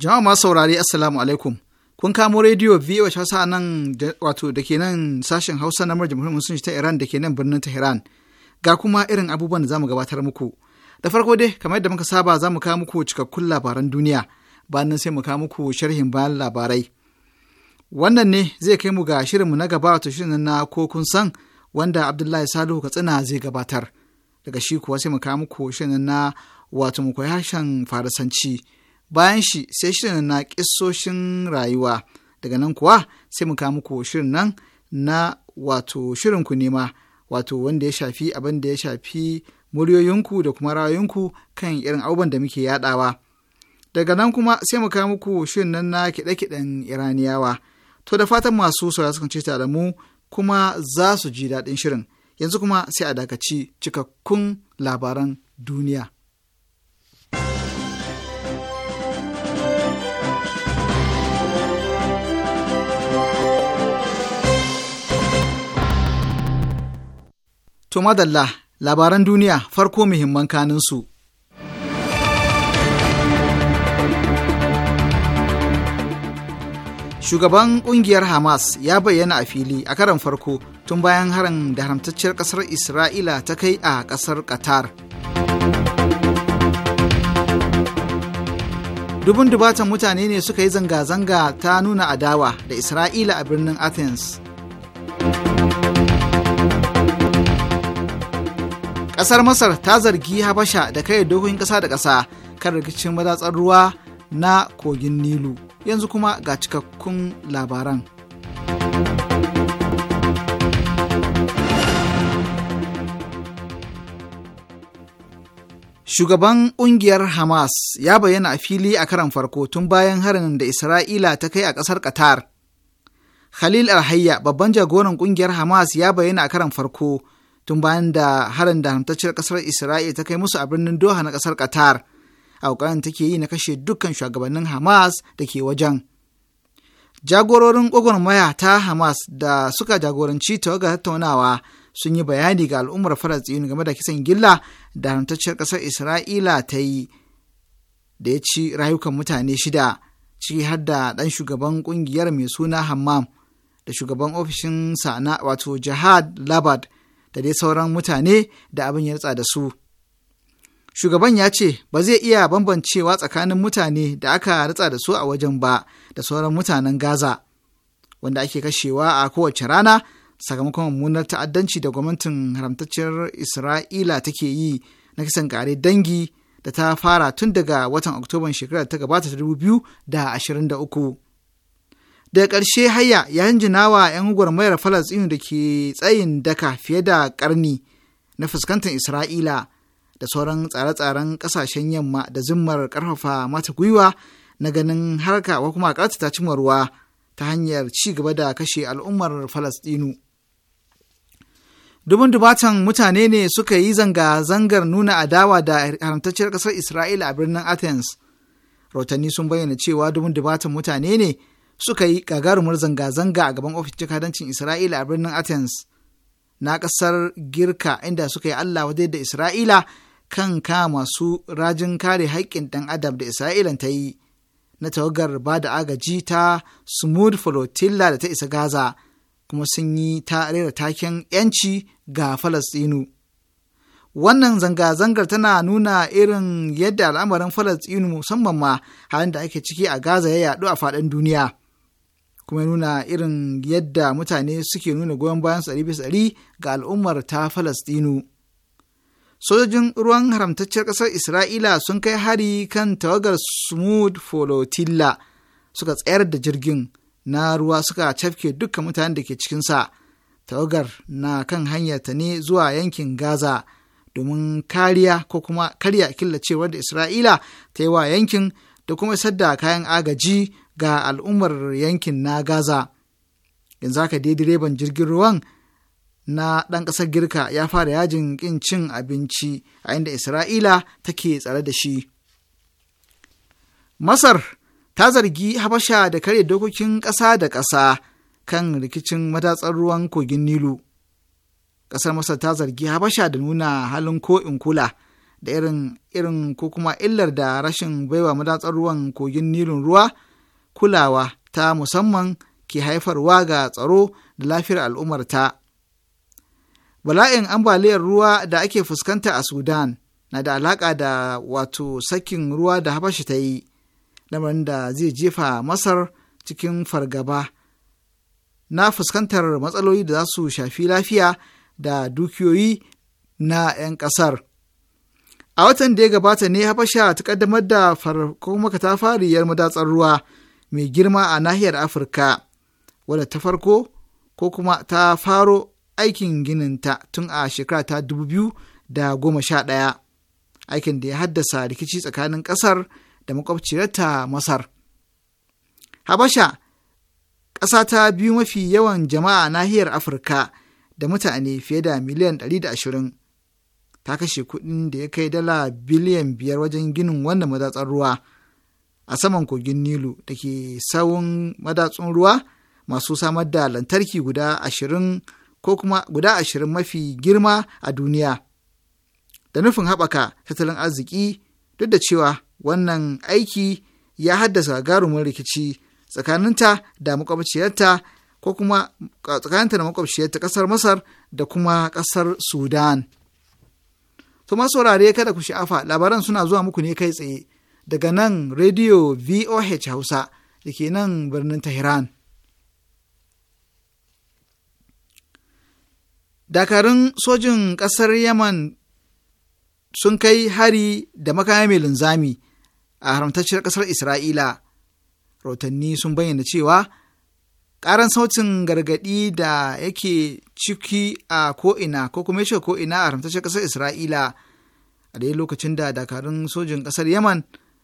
Jama'a masu saurari Assalamu alaikum. Kun kamo rediyo VOA a nan wato da ke nan sashen Hausa na murar jamhuriyar musulunci ta Iran da ke nan birnin Tehran. Ga kuma irin abubuwan da za mu gabatar muku. Da farko dai kamar yadda muka saba za mu kawo muku cikakkun labaran duniya. Bayan nan sai mu kawo muku sharhin bayan labarai. Wannan ne zai kai mu ga shirinmu na gaba wato shirin na ko kun san wanda Abdullahi Salihu Katsina zai gabatar. Daga shi kuwa sai mu kawo muku shirin na wato mu koyi harshen Farisanci. bayan shi sai shirin na kisoshin rayuwa daga nan kuwa sai mu kawo muku shirin nan na wato shirin ku nema wato wanda ya shafi abin da ya shafi muryoyinku da kuma ra'ayoyinku kan irin abubuwan da muke yadawa daga nan kuma sai mu kawo muku shirin nan na kiɗe-kiɗen iraniyawa to da fatan masu saurara sukan ce da mu kuma za su ji daɗin shirin yanzu kuma sai a dakaci cikakkun labaran duniya. To madalla labaran duniya farko muhimman kaninsu. Shugaban ƙungiyar Hamas ya bayyana a fili a karan farko tun bayan harin da haramtacciyar kasar Isra'ila ta kai a ƙasar Qatar. Dubun dubatan mutane ne suka yi zanga-zanga ta nuna adawa da Isra'ila a birnin Athens. Ƙasar Masar ta zargi Habasha da kai dokokin ƙasa da ƙasa kan rikicin madatsar ruwa na kogin Nilu. Yanzu kuma ga cikakkun labaran. Shugaban ƙungiyar Hamas ya bayyana a fili a karan farko tun bayan harin da Isra'ila ta kai a ƙasar Qatar. Khalil Alhayya babban jagoran ƙungiyar Hamas ya bayyana a karan farko tun bayan da harin da hamtacciyar kasar Isra'ila ta kai musu a birnin Doha na kasar Qatar, a ƙoƙarin take yi na kashe dukkan shugabannin Hamas da ke wajen. Jagororin gwagwarmaya ta Hamas da suka jagoranci tawagar tattaunawa sun yi bayani ga al'ummar Falasɗinu game da kisan gilla da hantacciyar kasar Isra'ila ta yi da ya ci rayukan mutane shida, ciki har da ɗan shugaban ƙungiyar mai suna Hammam da shugaban ofishin sana wato Jihad Labad da dai sauran mutane da abin ya da su. Shugaban ya ce ba zai iya bambancewa tsakanin mutane da aka ritsa da su a wajen ba da sauran mutanen Gaza, wanda ake kashewa a kowace rana sakamakon mummunar ta'addanci da gwamnatin haramtacciyar Isra'ila take yi na kisan kare dangi da ta fara tun daga watan Oktoban shekarar ta gabata ta 2023. daga ƙarshe haya ya hanjina wa 'yan mayar falastinu da ke tsayin daka fiye da ƙarni na fuskantar isra'ila da sauran tsare-tsaren ƙasashen yamma da zimmar ƙarfafa mata gwiwa na ganin harka wa kuma ƙarta ta cimma ruwa ta hanyar ci gaba da kashe al'ummar falastinu dubun dubatan mutane ne suka yi zanga-zangar nuna adawa da haramtacciyar ƙasar isra'ila a birnin athens rautanni sun bayyana cewa dubun dubatan mutane ne suka yi gagarumar zanga-zanga a gaban ofishin jakadancin Isra'ila a birnin Athens na ƙasar Girka inda suka yi Allah waje da Isra'ila kan ka masu rajin kare haƙƙin ɗan adam da Isra'ilan ta yi na tawagar ba da agaji ta Smooth Flotilla da ta isa Gaza kuma sun yi ta rera taken 'yanci ga Falastinu. wannan zanga-zangar tana nuna irin yadda al'amarin falastinu musamman ma halin da ake ciki a gaza ya yaɗu a faɗin duniya kuma nuna irin yadda mutane suke nuna goyon bayan tsari bisa tsari ga al'ummar ta Falastinu. Sojojin ruwan haramtacciyar ƙasar Isra'ila sun kai hari kan tawagar Smooth Folotilla suka tsayar da jirgin na ruwa suka cafke dukkan mutanen da ke cikinsa. Tawagar na kan hanyarta ne zuwa yankin Gaza domin kariya ko kuma karya killacewar da Isra'ila ta yi wa yankin da kuma isar da kayan agaji ga al'ummar yankin na Gaza. Yanzu haka dai direban jirgin ruwan na ɗan ƙasar Girka ya fara yajin ƙin cin abinci a inda Isra'ila take tsare da shi. Masar ta zargi Habasha da karya dokokin ƙasa da ƙasa kan rikicin matatsar ruwan kogin Nilu. Ƙasar Masar ta zargi Habasha da nuna halin ko in kula da irin irin ko kuma illar da rashin baiwa matatsar ruwan kogin Nilun ruwa kulawa ta musamman ke haifarwa ga tsaro da lafiyar al'ummarta. Bala'in ambaliyar ruwa da ake fuskanta a Sudan na da alaƙa da wato sakin ruwa da Habashi ta yi, lamarin da zai jefa Masar cikin fargaba na fuskantar matsaloli da za su shafi lafiya da dukiyoyi na 'yan ƙasar. A watan da ya gabata ne Habasha ta ƙaddamar da farko fariyar madatsar ruwa. mai girma a nahiyar afirka wadda ta farko ko kuma ta faro aikin gininta tun a shekara ta dubu biyu da goma sha ɗaya aikin da ya haddasa rikici tsakanin ƙasar da makwabciyarta masar habasha ƙasa ta biyu mafi yawan jama'a nahiyar afirka da mutane fiye da miliyan ɗari da ashirin, ta kashe kuɗin da ya kai dala biliyan biyar wajen ginin wannan madatsar ruwa a saman kogin Nilu da ke sawun madatsun ruwa masu samar da lantarki guda ashirin ko kuma guda ashirin mafi girma a duniya. Da nufin haɓaka tattalin arziki duk da cewa wannan aiki ya haddasa gagarumin rikici tsakaninta da makwabciyarta ko kuma tsakaninta da makwabciyarta ƙasar Masar da kuma ƙasar Sudan. To masu kada ku sha'afa labaran suna zuwa muku ne kai tsaye daga nan rediyo VOH Hausa da ke nan birnin Tehran. Dakarun sojin ƙasar Yaman sun kai hari da makami mai linzami a haramtacciyar ƙasar Isra'ila. rautanni sun bayyana cewa ƙaran sautin gargaɗi da yake ciki a ko'ina ko kuma ko'ina a haramtacciyar ƙasar Isra'ila a dai lokacin da dakarun sojin ƙasar Yaman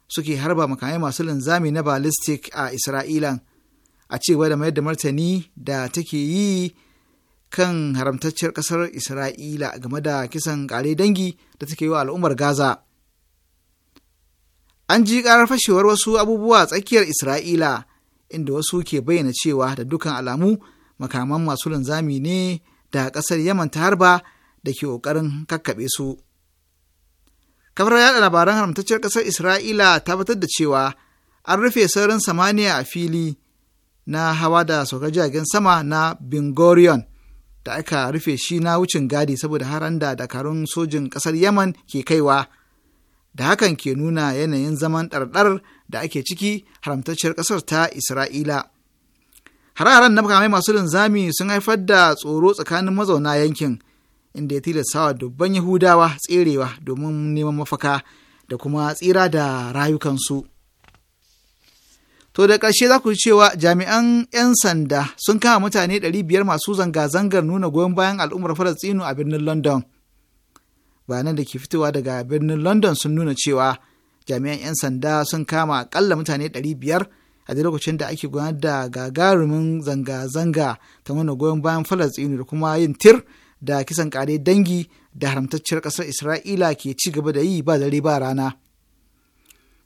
suke harba makamai masu linzami na ballistic a Isra'ila a cewa da mayar da martani da take yi kan haramtacciyar ƙasar Isra'ila game da kisan kare dangi da take yi wa al'ummar Gaza. An ji ƙarar fashewar wasu abubuwa tsakiyar Isra'ila inda wasu ke bayyana cewa da dukan alamu makaman masu linzami ne da ƙasar Yaman ta harba da ke ƙoƙarin kakkaɓe su. kafar yada labaran haramtacciyar ƙasar isra'ila ta batar da cewa an rufe saurin samaniya a fili na hawa da saukar jiragen sama na bingorion da aka rufe shi na wucin gadi saboda haran da dakarun sojin ƙasar yaman ke kaiwa da hakan ke nuna yanayin zaman ɗarɗar da ake ciki haramtacciyar ƙasar ta isra'ila hare-haren na makamai masu linzami sun haifar da tsoro tsakanin mazauna yankin inda ya tilasta tilastawa dubban Yahudawa tserewa domin neman mafaka da kuma tsira da rayukansu. To da ƙarshe za ku ji cewa jami'an 'yan sanda sun kama mutane 500 masu zanga-zangar nuna goyon bayan al'ummar Falastinu a birnin London. Bayanan da ke fitowa daga birnin London sun nuna cewa jami'an 'yan sanda sun kama akalla mutane 500 a lokacin da ake gudanar da gagarumin zanga-zanga ta nuna goyon bayan Falastinu da kuma yin tir da kisan kare dangi da haramtacciyar ƙasar Isra'ila ke ci gaba da yi ba dare ba rana.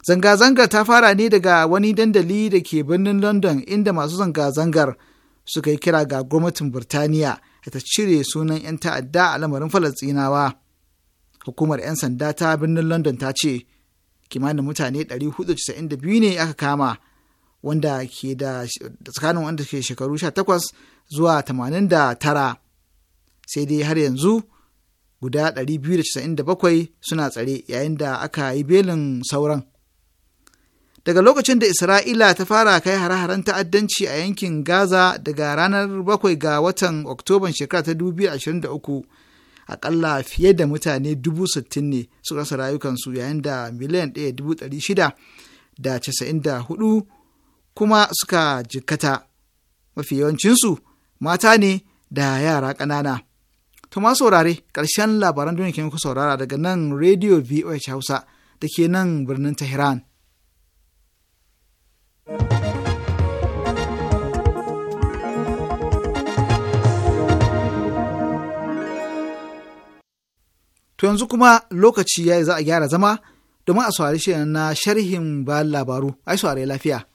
Zanga-zangar ta fara ne daga wani dandali da ke birnin London inda masu zanga-zangar suka yi kira ga gwamnatin Birtaniya da ta cire sunan 'yan ta'adda a lamarin Falasɗinawa. Hukumar 'yan sanda ta birnin London ta ce kimanin mutane 492 ne aka kama wanda ke da tsakanin wanda ke shekaru 18 zuwa 89. sai dai har yanzu guda 297 suna tsare yayin da aka yi belin sauran. Daga lokacin da Isra'ila ta fara kai hare-haren ta'addanci a yankin Gaza daga ranar 7 ga watan Oktoban shekara ta 2023, akalla fiye da mutane 60,000 ne suka rasa rayukansu yayin da miliyan 1,694 kuma suka jikkata. Mafi yawancinsu mata ne da yara ƙanana. Tuma saurare ƙarshen labaran duniya ke muku saurara daga nan Radio VOH Hausa da ke nan birnin Tehran. To yanzu kuma lokaci ya yi za a gyara zama domin a saurari shi na sharhin bayan labaru, ai saurari lafiya.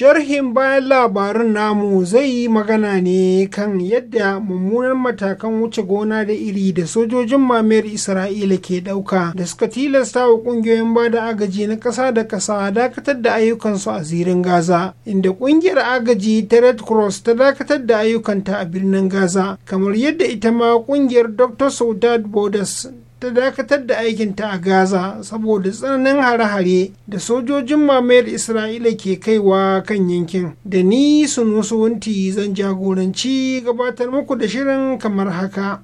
sharhin bayan labarun namu zai yi magana ne kan yadda mummunan matakan wuce gona da iri da sojojin mamayar isra'ila ke dauka. da suka tilasta wa kungiyoyin ba da agaji na kasa da ƙasa dakatar da ayyukansu a zirin gaza inda kungiyar agaji ta red cross ta dakatar da ayyukanta a birnin gaza kamar yadda ita ma kungiyar dr saudad bodas ta dakatar da aikinta a gaza saboda tsananin hare-hare da sojojin mamayar isra'ila ke kaiwa kan yankin da ni wunti zan jagoranci gabatar muku da shirin kamar haka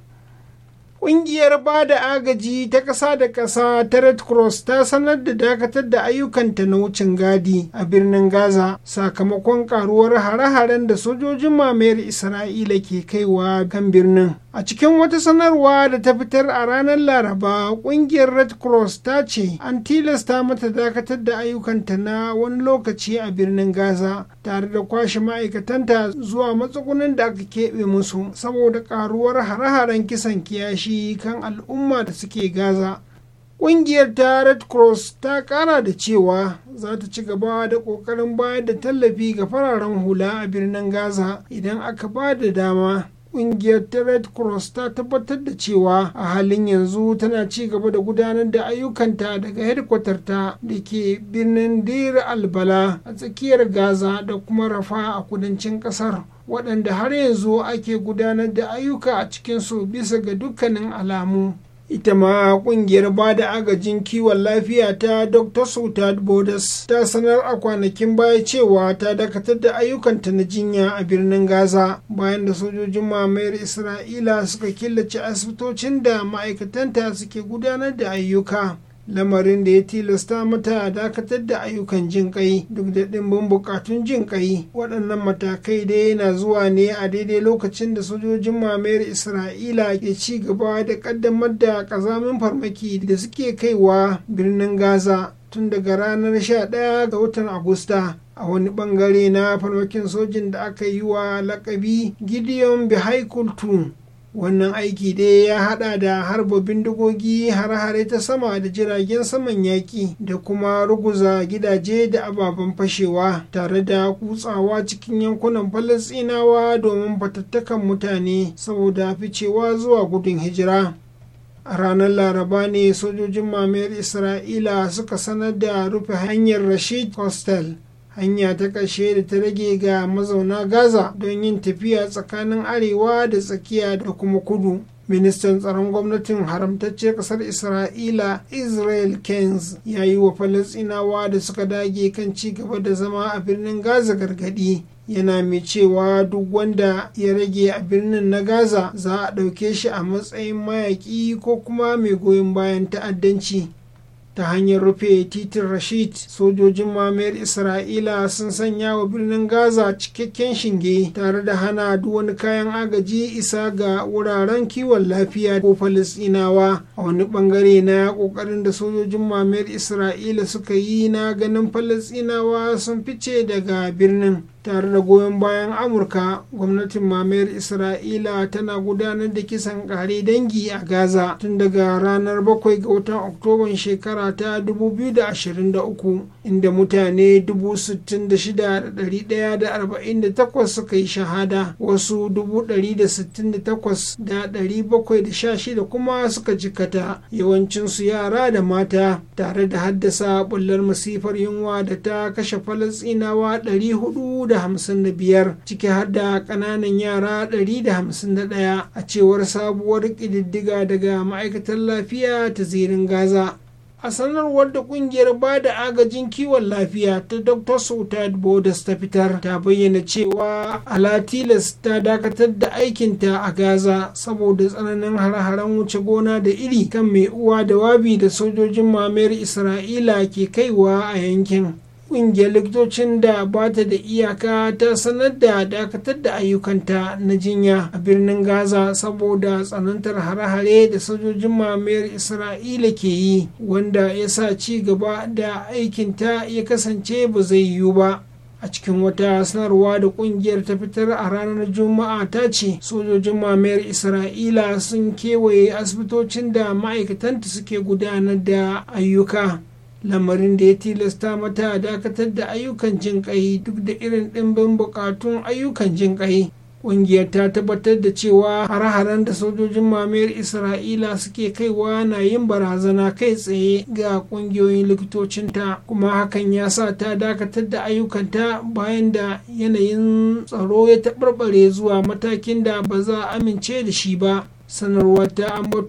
Ƙungiyar ba da agaji ta ƙasa da ƙasa ta Red Cross ta sanar da dakatar da ayyukanta na wucin gadi a birnin Gaza sakamakon karuwar hare-haren da sojojin mamayar Isra'ila ke kaiwa kan birnin. A cikin wata sanarwa da ta fitar a ranar Laraba, ƙungiyar Red Cross ta ce an tilasta mata dakatar da ayyukanta na wani lokaci a birnin Gaza tare da kwashe ma'aikatanta zuwa matsugunin da aka keɓe musu saboda karuwar hare-haren kisan kiyashi kan al'umma da suke gaza ƙungiyar ta red cross ta ƙara da cewa za ta ci gaba da ƙoƙarin bayar da tallafi ga fararen hula a birnin gaza idan aka ba da dama ƙungiyar ta red cross ta tabbatar da cewa a halin yanzu tana ci gaba da gudanar da ayyukanta daga ta da ke birnin dir albala a tsakiyar gaza da kuma rafa a kudancin ƙasar waɗanda har yanzu ake gudanar da ayyuka a cikinsu bisa ga dukkanin alamu ita ma ƙungiyar ba da agajin kiwon lafiya ta dr sultan bodas ta sanar a kwanakin baya cewa ta dakatar da ayyukanta na jinya a birnin gaza bayan da sojojin mamayar isra'ila suka killace asibitocin da ma'aikatanta suke gudanar da ayyuka lamarin da ya tilasta mata a dakatar da ayyukan jin kai duk da ɗimbin bukatun jin kai waɗannan matakai da yana zuwa ne a daidai lokacin da sojojin mamayar isra'ila ke ci gaba da ƙaddamar da ƙazamin farmaki da suke kaiwa birnin gaza tun daga ranar 11 ga watan agusta a wani bangare na farmakin sojin da aka yi wa lakabi gideon bihaikul wannan aiki dai ya hada da harba bindigogi har-hare ta sama da jiragen saman yaƙi da kuma ruguza gidaje da ababen fashewa tare da kutsawa cikin yankunan falasinawa domin fatattakan mutane saboda ficewa zuwa gudun hijira a ranar laraba ne sojojin mamayar isra'ila suka sanar da rufe hanyar rashid Costel. hanya ta ƙarshe da ta rage ga mazauna gaza don yin tafiya tsakanin arewa da tsakiya da kuma kudu ministan tsaron gwamnatin haramtacce ƙasar isra'ila israel kenz ya yi wa falasinawa da suka dage kan ci gaba da zama a birnin gaza gargadi yana mai cewa duk wanda ya rage a birnin na gaza za a ɗauke shi a matsayin mayaƙi ko kuma mai goyon bayan ta'addanci ta hanyar rufe titin rashid sojojin mamayar isra'ila sun sanya wa birnin gaza cikakken shinge tare da hana duk wani kayan agaji isa ga wuraren kiwon lafiya ko falisinawa a wani bangare na kokarin da sojojin mamayar isra'ila suka yi na ganin falisinawa sun fice daga birnin tare da goyon bayan amurka gwamnatin mamayar isra'ila tana gudanar da kisan kare dangi a gaza tun daga ranar 7 ga watan oktoban shekara ta 2023 inda mutane 66,148 suka yi shahada wasu 168,716 kuma suka jikata yawancinsu yara da mata tare da haddasa bullar masifar yunwa da ta kashe falasinawa 400 155 ciki har da ƙananan yara 151 a cewar sabuwar ƙididdiga daga ma'aikatar lafiya ta zirin gaza a sanarwar da kungiyar ba da agajin kiwon lafiya ta dr sultan bodas ta fitar ta bayyana cewa alatilas ta dakatar da aikinta a gaza saboda tsananin har haren wuce gona da iri kan mai uwa da wabi da sojojin mamayar isra'ila ke kaiwa a yankin ƙungiyar likitocin da ba ta da iyaka ta sanar da dakatar da ayyukanta na jinya a birnin gaza saboda tsanantar hare-hare da sojojin mamayar isra'ila ke yi wanda ya sa ci gaba da aikinta ya kasance ba zai yiwu ba a cikin wata sanarwa da kungiyar ta fitar a ranar juma'a ta ce sojojin mamayar isra'ila sun kewaye asibitocin da ma'aikatanta suke gudanar da ayyuka lamarin da ya tilasta mata a dakatar da ayyukan jin duk da irin ɗimbin buƙatun ayyukan jin ƙungiyar ta tabbatar da cewa har haren da sojojin mamayar isra'ila suke kaiwa na yin barazana kai tsaye ga ƙungiyoyin likitocinta kuma hakan ya sa ta dakatar da ayyukanta bayan da yanayin tsaro ya taɓarɓare zuwa matakin da ba za a amince da shi ba sanarwar ta ambato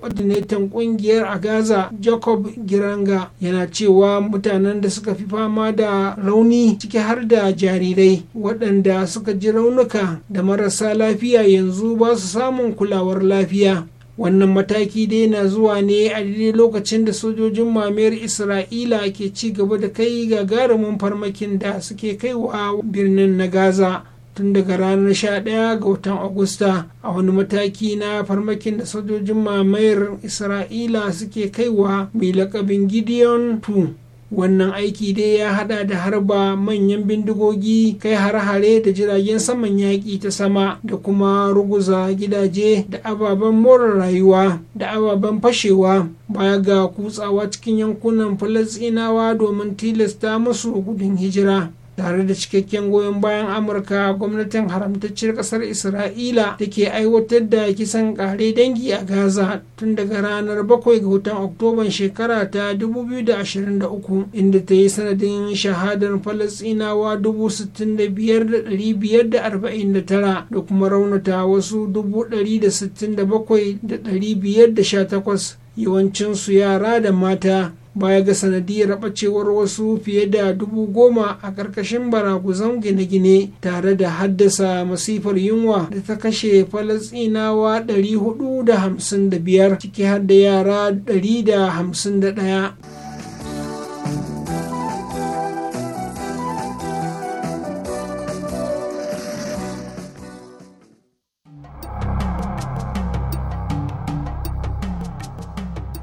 coordinator kungiyar a gaza jacob giranga yana cewa mutanen da suka fi fama da rauni ciki har da jarirai waɗanda suka ji raunuka da marasa lafiya yanzu ba su samun kulawar lafiya wannan mataki dai na zuwa ne a daidai lokacin da sojojin mamayar isra'ila ke ci gaba da kai gagarumin farmakin da suke kaiwa birnin na gaza tun daga ranar 11 ga watan agusta a wani mataki na farmakin da sojojin mamayar isra'ila suke kaiwa mai lakabin gideon 2 wannan aiki dai ya hada da harba manyan bindigogi kai hare-hare da jiragen saman yaƙi ta sama da kuma ruguza gidaje da ababen more rayuwa da ababen fashewa baya ga kutsawa cikin yankunan falasinawa domin tilasta musu gudun hijira tare da cikakken goyon bayan amurka gwamnatin haramtacciyar kasar isra'ila da ke aiwatar da kisan kare dangi a gaza tun daga ranar 7 ga watan oktoban shekara ta 2023 inda ta yi sanadin shahadar falasinawa 65,549 da kuma raunata wasu 167,518 yawancinsu yara da mata baya ga sanadiyar bacewar wasu fiye da dubu goma a ƙarƙashin baraguzan gine-gine tare da haddasa masifar yunwa da ta kashe falasinawa 455 ciki har da yara 151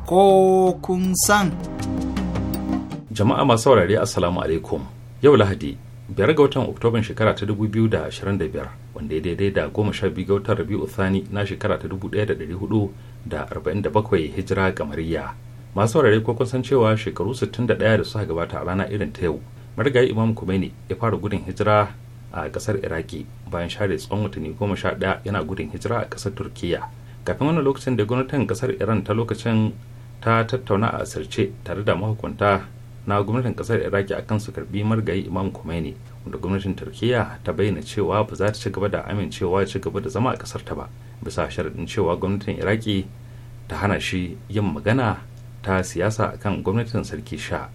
Ko kun san. jama'a masu saurare assalamu alaikum yau lahadi biyar ga watan oktoban shekara ta 2025 wanda ya daidai da goma sha biyu ga watan rabi'u thani na shekara ta 1447 hijira gamariya masu saurare ko kusan cewa shekaru 61 da ɗaya suka gabata a rana irin ta yau marigayi imam kumeni ya fara gudun hijira a ƙasar iraki bayan share tsawon watanni goma sha ɗaya yana gudun hijira a kasar turkiya kafin wannan lokacin da gwamnatin ƙasar iran ta lokacin ta tattauna a asirce tare da mahukunta na gwamnatin kasar iraki akan su karbi margayi imam khomeini wanda gwamnatin turkiya ta bayyana cewa ba za ta ci gaba da amincewa ci gaba da zama a kasar ta ba bisa sharaɗin cewa gwamnatin iraki ta hana shi yin magana ta siyasa akan gwamnatin sarki sha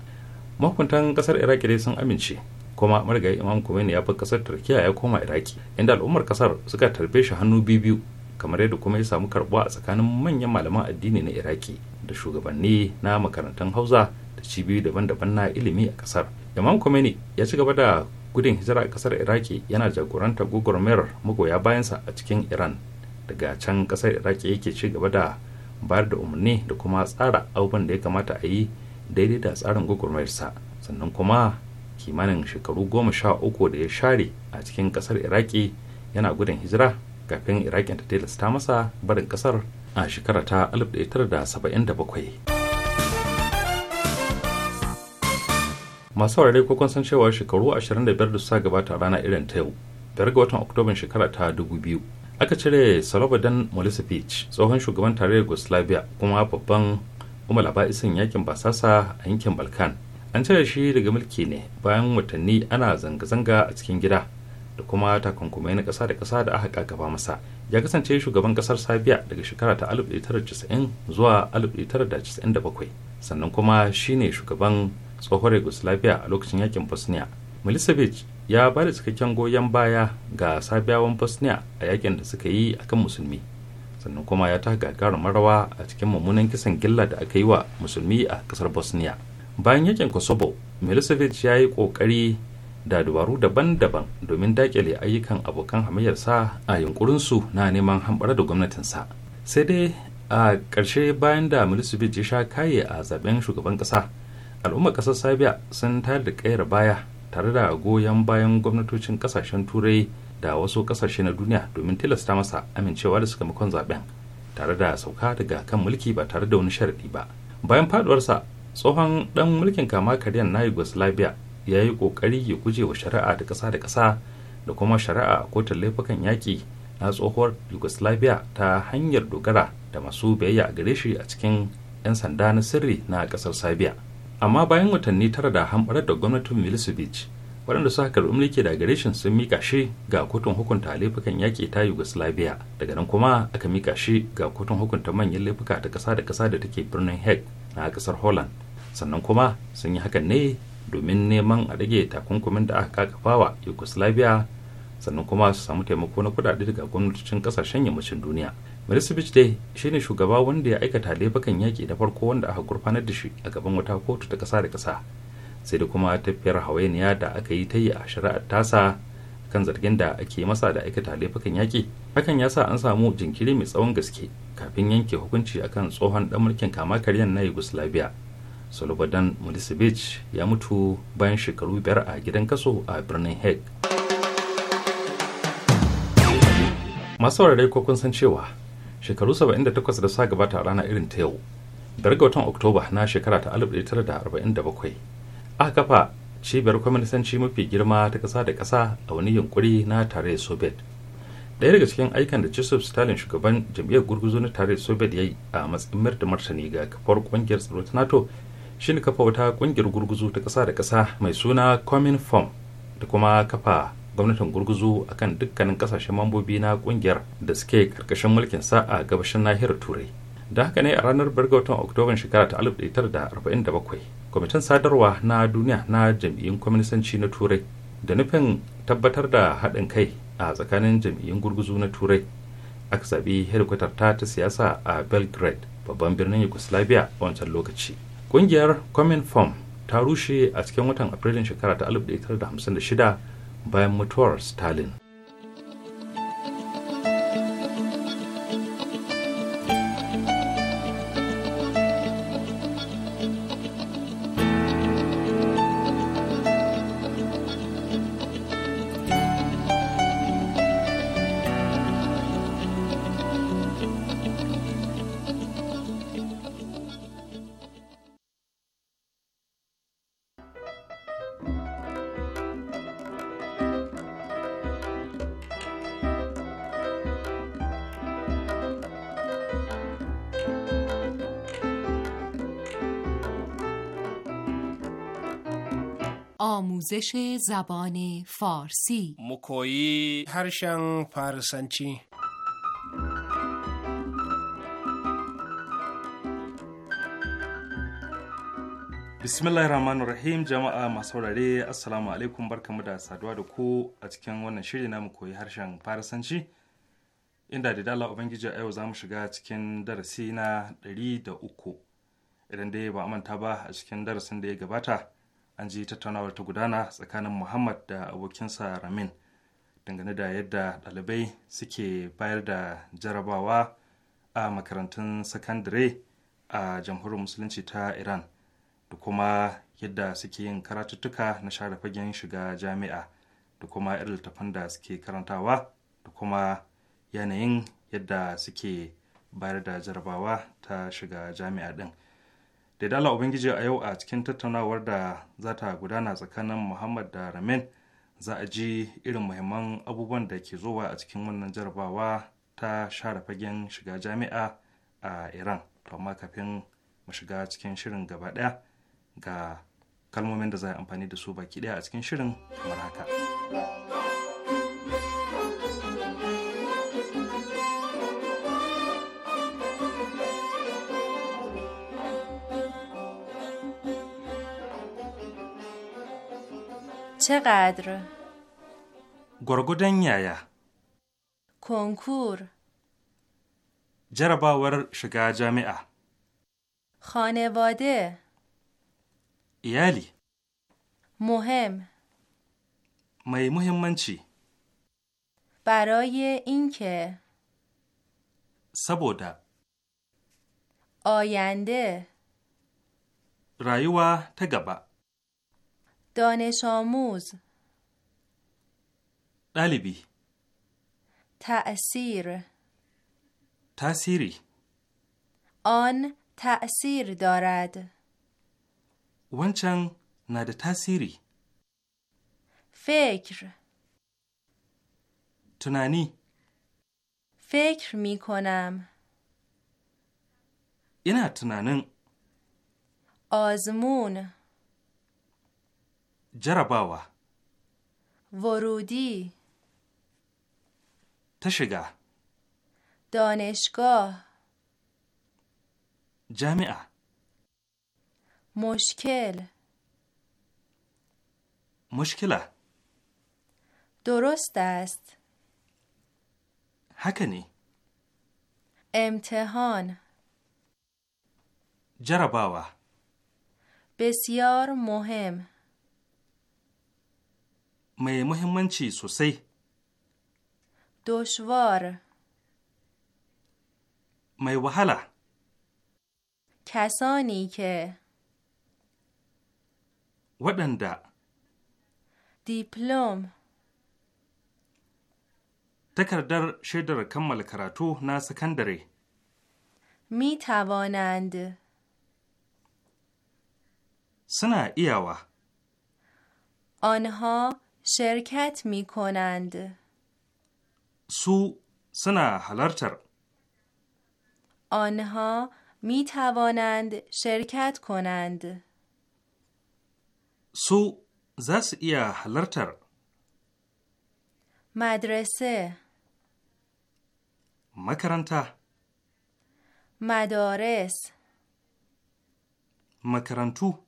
mahukuntan kasar iraki dai sun amince kuma margayi imam khomeini ya fi kasar turkiya ya koma iraki inda al'ummar kasar suka tarbe shi hannu biyu kamar yadda kuma ya samu karbuwa a tsakanin manyan malaman addini na iraki da shugabanni na makarantun hausa cibiyu daban-daban na ilimi a kasar imam khomeini ya ci gaba da gudun hijira a kasar iraki yana jagoranta gwagwarmayar magoya bayansa a cikin iran daga can kasar iraki yake ci gaba da bayar da umarni da kuma tsara abubuwan da ya kamata a yi daidai da tsarin sa sannan kuma kimanin shekaru goma sha uku da ya share a cikin kasar iraki yana gudun hijira kafin irakin ta tilasta masa barin kasar a shekara ta da bakwai. masu saurare ko kun san cewa shekaru 25 da suka gabata rana irin ta yau biyar ga watan oktoban shekara ta 2000 aka cire dan milosevic tsohon shugaban tarayyar yugoslavia kuma babban umar ba'isin yakin basasa a yankin balkan an cire shi daga mulki ne bayan watanni ana zanga-zanga a cikin gida da kuma takunkumai na kasa da kasa da aka gaba masa ya kasance shugaban kasar sabiya daga shekara ta 1990 zuwa 1997 sannan kuma shine shugaban tsohon yugoslavia a lokacin yakin bosnia milicevic ya ba da cikakken goyon baya ga sabiyawan bosnia a yakin da suka yi akan musulmi sannan kuma ya taka gagarumin rawa a cikin mummunan kisan gilla da aka yi wa musulmi a kasar bosnia bayan yakin kosovo milicevic ya yi kokari da dubaru daban-daban domin dakile ayyukan abokan hamayyarsa a yunkurinsu na neman hamɓara da gwamnatinsa sai dai a ƙarshe bayan da milicevic ya sha kaye a zaben shugaban ƙasa al'ummar kasar sabiya sun tayar da kayar baya tare da goyon bayan gwamnatocin kasashen turai da wasu kasashe na duniya domin tilasta masa amincewa da sakamakon zaben tare da sauka daga kan mulki ba tare da wani sharaɗi ba bayan faduwarsa tsohon ɗan mulkin kama karyan na yugoslavia ya yi ƙoƙari ya guje wa shari'a da ƙasa da ƙasa da kuma shari'a kotun laifukan yaƙi na tsohuwar yugoslavia ta hanyar dogara da masu biyayya a gare shi a cikin 'yan sanda na sirri na ƙasar sabiya amma bayan watanni tara da hamɓarar da gwamnatin milicevic waɗanda suka karɓi mulki da gare shi sun mika shi ga kotun hukunta laifukan yaƙi ta yugoslavia daga nan kuma aka mika shi ga kotun hukunta manyan laifuka ta ƙasa da ƙasa da take birnin hague na ƙasar holland sannan kuma sun yi hakan ne domin neman a rage takunkumin da aka kakafa wa yugoslavia sannan kuma su samu taimako na kuɗaɗe daga gwamnatocin kasashen yammacin duniya Milosevic dai shine shugaba wanda ya aikata laifukan yaƙi da farko wanda aka gurfanar da shi a gaban wata kotu ta ƙasa da ƙasa sai da kuma tafiyar hawainiya da aka yi ta yi a shari'ar tasa kan zargin da ake masa da aikata laifukan yaƙi hakan ya sa an samu jinkiri mai tsawon gaske kafin yanke hukunci akan tsohon ɗan mulkin kama karyan na yugoslavia slobodan milosevic ya mutu bayan shekaru biyar a gidan kaso a birnin hague masu ko kun san cewa shekaru 78 da sa gabata a rana irin ta yau daga watan oktoba na shekara ta 1947 aka kafa cibiyar kwaminisanci mafi girma ta kasa da kasa a wani yunkuri na tare tarayyar soviet ɗaya daga cikin aikan da joseph stalin shugaban jam'iyyar gurguzu na tarayyar soviet ya yi a matsayin mayar da martani ga kafar kungiyar tsaro ta nato shine kafa wata kungiyar gurguzu ta kasa da kasa mai suna common form da kuma kafa gwamnatin gurguzu akan dukkanin kasashen mambobi na kungiyar da suke karkashin mulkin sa a gabashin nahiyar turai da haka ne a ranar birga watan oktoban shekara ta 1947 kwamitin sadarwa na duniya na jam'iyyun kwaminisanci na turai da nufin tabbatar da haɗin kai a tsakanin jam'iyyun gurguzu na turai aka zaɓi hedikwatar ta ta siyasa a belgrade babban birnin yugoslavia a wancan lokaci ƙungiyar common form ta rushe a cikin watan afrilun shekara ta 1956 By mutuwar stalin آموزش زبان فارسی مکویی هرشن فارسنچی bismillahir rahmanir rahim jama'a masu saurare assalamu alaikum barkamu da saduwa da ku a cikin wannan shiri na mu koyi harshen farasanci inda da dala ubangiji a yau za mu shiga cikin darasi na ɗari da uku idan dai ba a manta ba a cikin darasin da ya gabata an ji tattaunawar ta gudana tsakanin muhammad da abokinsa ramin dangane da yadda ɗalibai suke bayar da jarabawa a makarantun sakandare a jamhuriyar musulunci ta iran da kuma yadda suke yin karatuttuka na share fagen shiga jami'a da kuma irin littafan da suke karantawa da kuma yanayin yadda suke bayar da jarabawa ta shiga jami'a ɗin. da dala ubangiji a yau a cikin tattaunawar da za ta gudana tsakanin muhammad da ramin za a ji irin muhimman abubuwan da ke zowa a cikin wannan jarabawa ta share fagen shiga jami'a a iran amma kafin mu shiga cikin shirin gaba daya ga kalmomin da za a amfani da su baki daya a cikin shirin kamar haka. چقدر؟ گرگودن یایا کنکور جرباور شگا جامعه خانواده ایالی مهم مای مهم من چی؟ برای اینکه سبوده آینده رایوه تگبه دانش آموز قلبی تأثیر تأثیری آن تأثیر دارد ونچن ند تأثیری فکر تنانی فکر می کنم اینا تنانن آزمون جرباوه ورودی تشگه دانشگاه جامعه مشکل مشکله درست است هکنی، امتحان جرباوه بسیار مهم mai muhimmanci sosai. Doshwar mai wahala Kasani ke. waɗanda Diplom takardar shaidar kammala karatu na sakandare Mi tawanand. suna iyawa آنها شرکت می کنند سو سنا هلرتر آنها می توانند شرکت کنند سو زس یا هلرتر مدرسه مکرانتا مدارس مکرانتو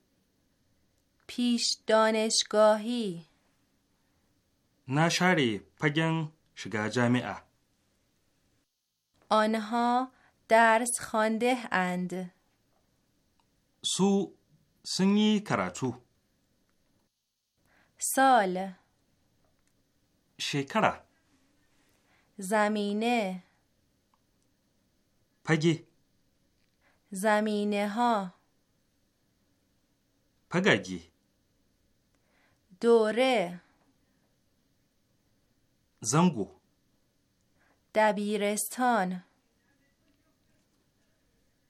پیش دانشگاهی na share fagen shiga jami'a. آنها درس خوانده اند. سو سنگی کراتو سال شکره زمینه پگی زمینه ها پگگی دوره زنگو دبیرستان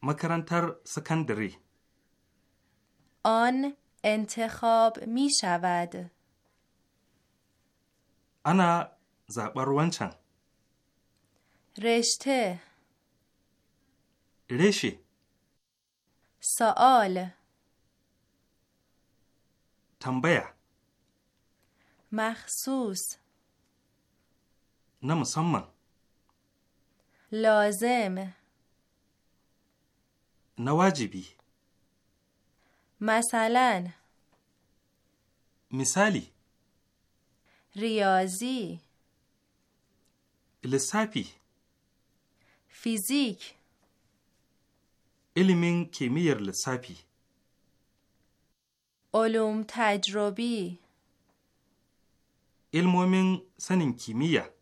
مکرانتر سکندری آن انتخاب می شود انا زبر ونچن رشته رشی سوال تنبیه مخصوص نه مصمم لازمه نه واجبی مثلا مثالی ریاضی لسپی فیزیک علمین کیمیر لسپی علوم تجربی علمومین سنین کیمیه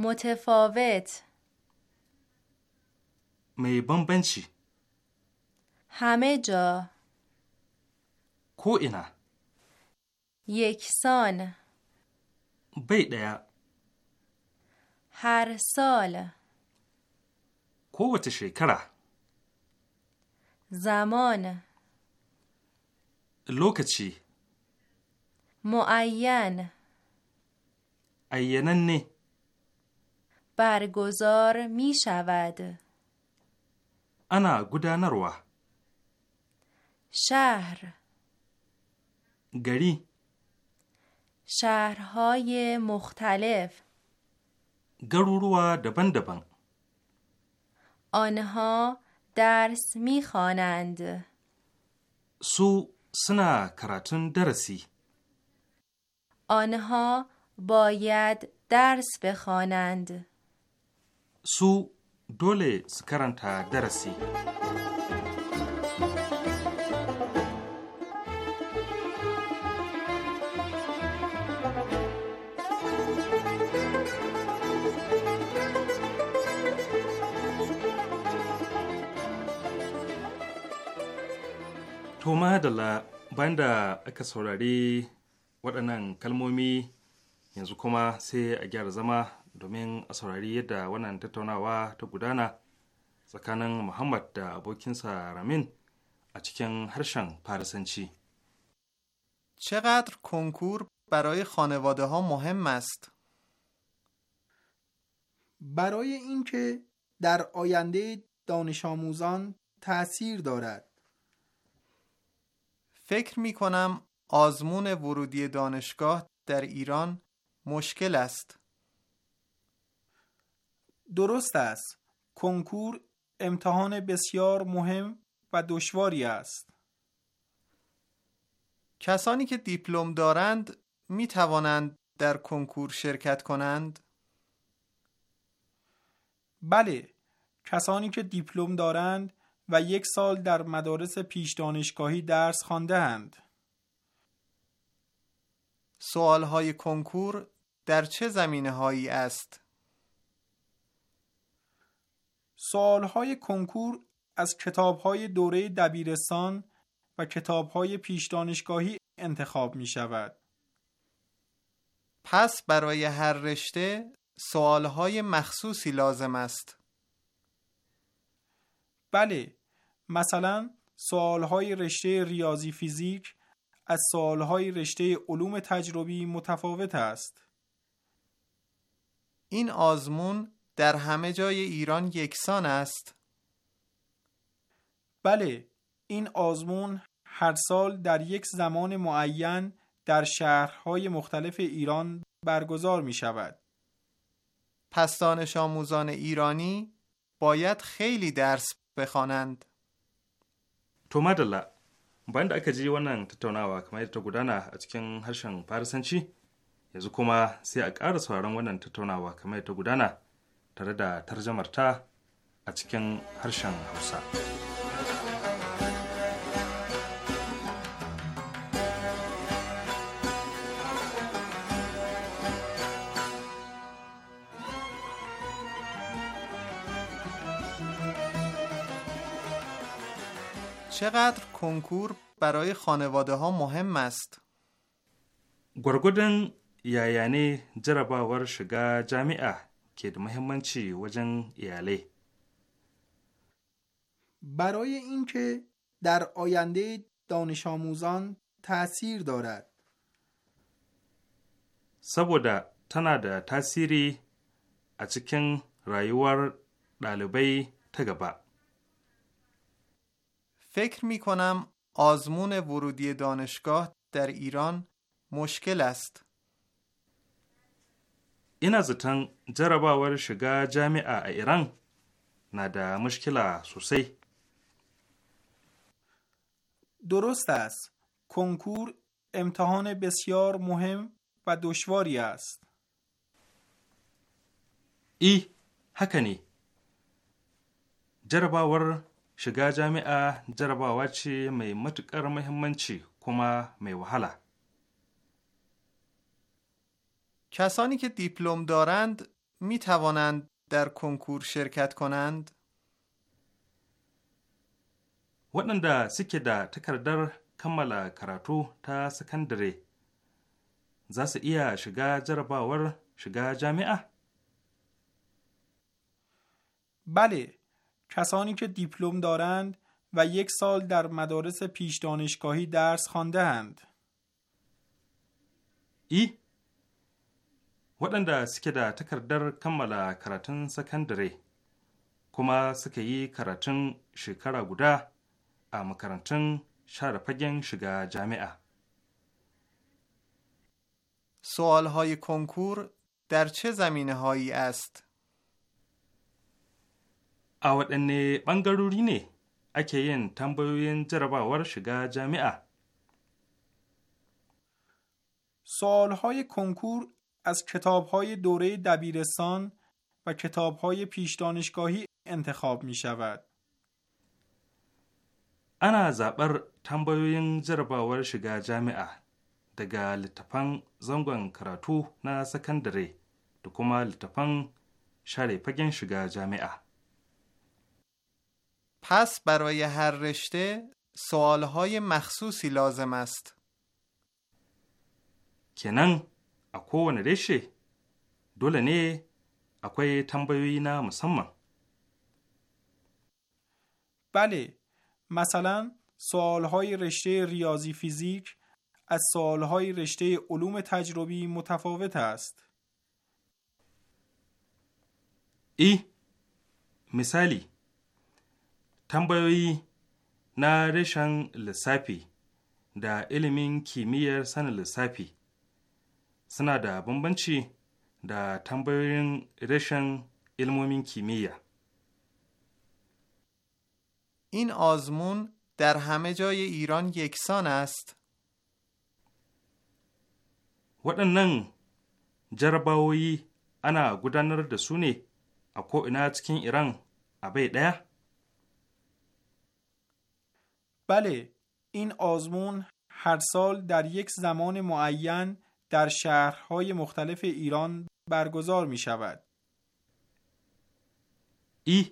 متفاوت میبان بن همه جا کو اینا؟ یکسان بید هر سال کو و زمان لوک چی؟ معین ایینن نی؟ برگزار می شود انا گدانروا شهر گری شهرهای مختلف گروروا دبن دبن آنها درس می خوانند سو سنا کراتن درسی آنها باید درس بخوانند su dole su karanta darasi. toma madalla banda aka saurari waɗannan kalmomi yanzu kuma sai a gyara zama domin a saurari yadda wannan tattaunawa ta gudana tsakanin muhammad da abokinsa ramin a cikin harshen farisanci چقدر کنکور برای خانواده ها مهم است؟ برای اینکه در آینده دانش آموزان تأثیر دارد. فکر می کنم آزمون ورودی دانشگاه در ایران مشکل است. درست است. کنکور امتحان بسیار مهم و دشواری است. کسانی که دیپلم دارند می توانند در کنکور شرکت کنند؟ بله، کسانی که دیپلم دارند و یک سال در مدارس پیش دانشگاهی درس خوانده اند. سوال های کنکور در چه زمینه هایی است؟ سوالهای کنکور از کتابهای دوره دبیرستان و کتابهای پیش دانشگاهی انتخاب می شود. پس برای هر رشته سوالهای مخصوصی لازم است. بله، مثلا سوالهای رشته ریاضی فیزیک از سوالهای رشته علوم تجربی متفاوت است. این آزمون در همه جای ایران یکسان است؟ بله این آزمون هر سال در یک زمان معین در شهرهای مختلف ایران برگزار می شود پس دانش آموزان ایرانی باید خیلی درس بخوانند تو مدلا bayan da جی ji تتونا و kamar yadda گودانا از a هرشن harshen چی yanzu kuma sai a ƙara sauraron wannan tattaunawa kamar yadda tare da tarjamarta a cikin harshen hausa چقدر کنکور برای خانواده ها مهم است؟ گرگودن یا یعنی جرباور شگا جامعه ke da muhimmanci وجن iyalai. برای اینکه در آینده دانش آموزان تاثیر دارد saboda tana da tasiri a cikin rayuwar ɗalibai فکر می کنم آزمون ورودی دانشگاه در ایران مشکل است. Ina zaton jarabawar shiga jami'a a Iran na da mushkilas sosai. Doorsatars konkur emtawannin basyar muhim Fiddausiwari. E haka ne jarabawar shiga jami'a jarabawa ce mai matuƙar muhimmanci kuma mai wahala. کسانی که دیپلم دارند می توانند در کنکور شرکت کنند؟ waɗanda suke da takardar kammala karatu ta sakandare za su iya shiga jarabawar shiga jami'a? بله کسانی که دیپلم دارند و یک سال در مدارس پیش دانشگاهی درس خوانده اند. ای waɗanda suke da takardar kammala karatun sakandare kuma suka yi karatun shekara guda a makarantun share fagen shiga jami'a. سوالهای کنکور در چه زمینه هایی است؟ a waɗanne ɓangarori ne ake yin tambayoyin jarabawar shiga jami'a? سوالهای کنکور از کتابهای دوره دبیرستان و کتاب پیش دانشگاهی انتخاب می شود. انا زبر تنبایوین زرباور شگا جامعه دگا لطفن زنگوان کراتو نا سکندره دکما لطفن شاری پگن شگا جامعه. پس برای هر رشته سوالهای مخصوصی لازم است. کنن a kowane دوله dole ne akwai tambayoyi بله مثلا سوالهای رشته ریاضی فیزیک از سوالهای رشته علوم تجربی متفاوت است ای مثالی تنبایوی نا رشن لسپی دا علمین کیمیر سن لسپی suna da bambanci da tambayoyin rashin ilmomin kimiyya. in آزمون در همه جای ایران یکسان است. waɗannan jarabawoyi ana gudanar da su ne a ko'ina cikin Iran a bai ɗaya? bale in آزمون هر سال در یک زمان معین در شهرهای مختلف ایران برگزار می شود. ای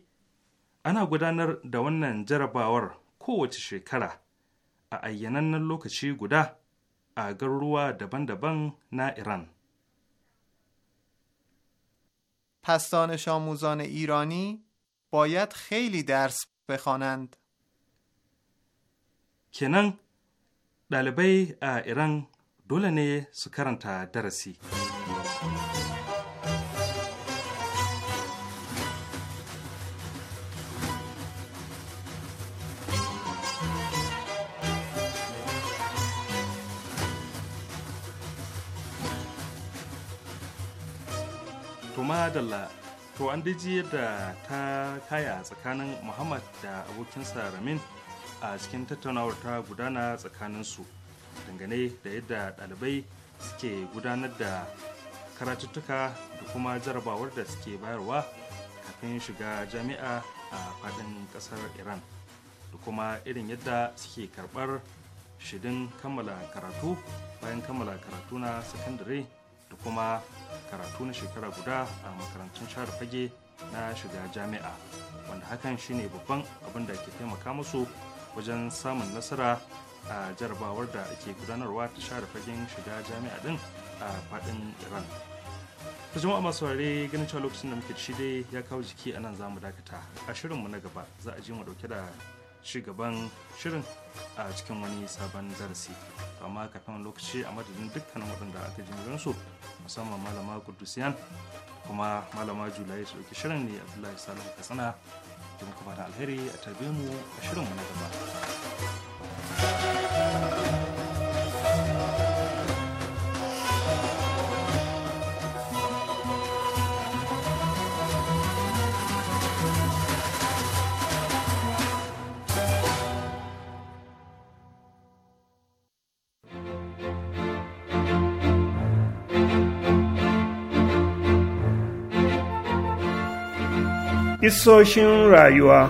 ana gudanar da wannan jarabawar kowace shekara a ayyanannen lokaci guda a garuruwa daban-daban na Iran. پس آموزان ایرانی باید خیلی درس بخوانند. کنن ɗalibai ایران dole ne su karanta darasi. Madalla to an daji yadda ta kaya tsakanin Muhammad da abokinsa Ramin a cikin tattaunawar ta gudana tsakaninsu. su. dangane da yadda ɗalibai suke gudanar da karatuttuka da kuma jarabawar da suke bayarwa kafin shiga jami'a a faɗin ƙasar iran da kuma irin yadda suke karɓar shidin kammala karatu bayan kammala karatu na sakandare da kuma karatu na shekara guda a makarantun share fage na shiga jami'a wanda hakan shine babban abin da ke taimaka musu wajen samun nasara a jarabawar da ake gudanarwa ta share fagen shiga jami'a din a fadin iran ta jama'a masu ware ganin cewa lokacin da muke shi dai ya kawo jiki a nan za mu dakata a shirinmu na gaba za a ji mu ɗauke da gaban shirin a cikin wani sabon darasi amma kafin lokaci a madadin dukkanin waɗanda aka ji su musamman malama kudusiyan kuma malama julai su ɗauki shirin ne abdullahi salihu katsina ke kuma da alheri a tarbe mu a shirinmu na gaba. Isoshin rayuwa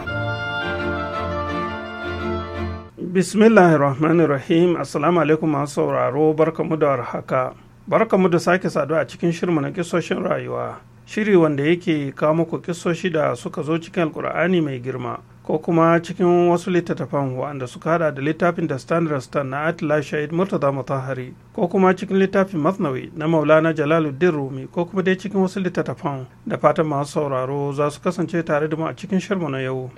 Bismillahirrahmanirrahim Assalamu alaikum masu sauraro barkamu da warhaka. Barkamu da sake saduwa a cikin shirma na kisoshin rayuwa. Shiri wanda yake kawo muku kisoshi da suka zo cikin alkur'ani mai girma ko kuma cikin wasu littattafan waɗanda suka hada da littafin da standard stan na atila shahid murtaza mutahari ko kuma cikin littafin masnawi na maulana jalaluddin rumi ko kuma dai cikin wasu littattafan da fatan masu sauraro za su kasance tare da mu a cikin shirmu na yau.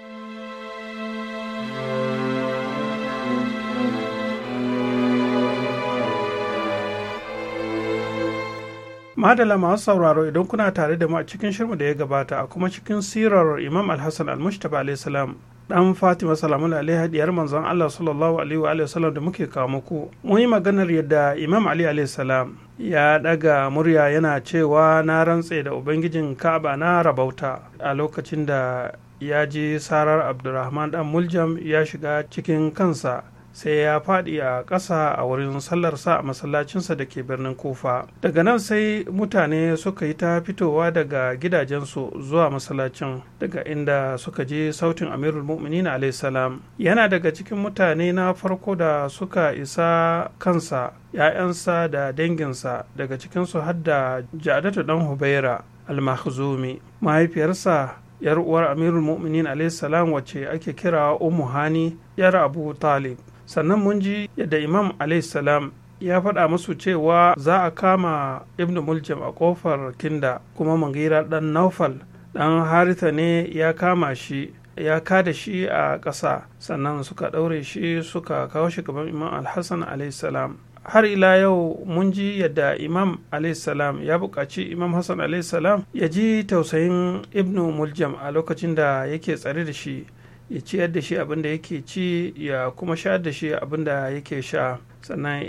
madala masu sauraro idan kuna tare da mu a cikin shirmu da ya gabata a kuma cikin sirar imam alhassan almustapha alaihi salam dan fatima salamun alaiha diyar manzon allah sallallahu alaihi wa sallam da muke kawo muku mun yi maganar yadda imam ali alaihi salam ya daga murya yana cewa na rantse da ubangijin ka'aba na rabauta a lokacin da ya ji sarar Abdulrahman dan muljam ya shiga cikin kansa sai ya faɗi a ƙasa a wurin sallarsa a masallacinsa da ke birnin kufa daga nan sai mutane suka yi ta fitowa daga gidajensu zuwa masallacin daga inda suka je sautin amirul mu'minin salam yana daga cikin mutane na farko da suka isa kansa ‘ya'yansa da danginsa daga cikinsu har da jadatu dan hubaira al mahaifiyarsa yar uwar amirul mu'minin salam wacce ake kira UmuHani hani yar abu talib sannan mun ji yadda imam salam ya faɗa musu cewa za a kama ibn muljam a ƙofar kinda kuma mangira ɗan naufal ɗan harita ne ya kama shi ya kada shi a ƙasa sannan suka ɗaure shi suka kawo shi gaban imam alhassan salam har ila yau mun ji yadda imam salam ya buƙaci imam hassan salam ya ji tausayin ibnu muljam a lokacin da yake tsare da shi ya ciyar da shi abin da yake ci ya kuma sha da shi abin da yake sha sannan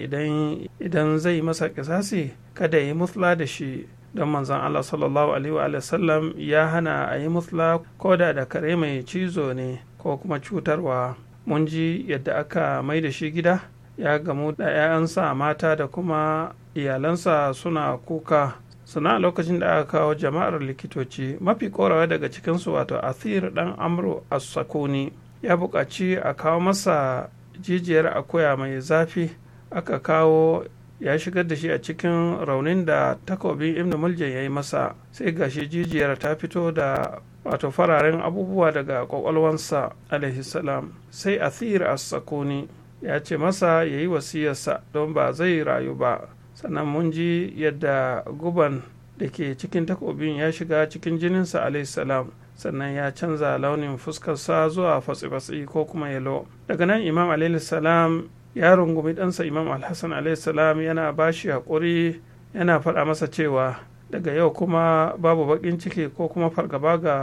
idan zai masa kisasi kada ya yi musla da shi don manzan Allah sallallahu alaihi wa ya hana a yi musla ko da da kare mai cizo ne ko kuma cutarwa mun ji yadda aka mai da shi gida ya gamu da 'ya'yansa mata da kuma iyalansa suna kuka Sana lokacin da aka kawo jama'ar likitoci mafi korawa daga cikinsu wato athir dan amro asakuni ya buƙaci a kawo masa jijiyar akuya mai zafi aka kawo ya shigar da shi a cikin raunin da takobin Imna muljan ya yi masa sai gashi jijiyar ta fito da wato fararen abubuwa daga kwakwalwansa alaihissalam sai athir asakuni ya ce masa ya yi wasiyarsa don ba zai rayu ba sannan mun ji yadda guban da ke cikin takobin ya shiga cikin jininsa alaihissalam sannan ya canza launin fuskarsa zuwa fatsi-fatsi ko kuma yalo daga nan imam alaihissalam ya rungumi ɗansa imam alhassan alaihissalam yana ba shi haƙuri yana faɗa masa cewa daga yau kuma babu baƙin ciki ko kuma fargaba ga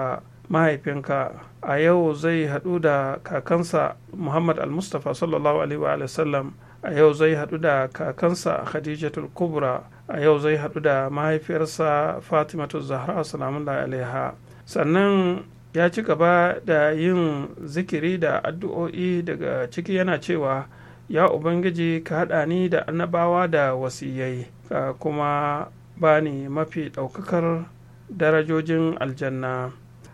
mahaifinka a yau zai haɗu da kakansa muhammad al-mustapha sallallahu alaihi wa sallam a yau zai haɗu da kakansa khadijatul kubra a yau zai haɗu da mahaifiyarsa fatimatu zahra salamullahi alaiha sannan ya ci gaba da yin zikiri da addu'o'i daga ciki yana cewa ya ubangiji ka haɗa ni da annabawa da wasiyai ka kuma ba ni mafi ɗaukakar darajojin aljanna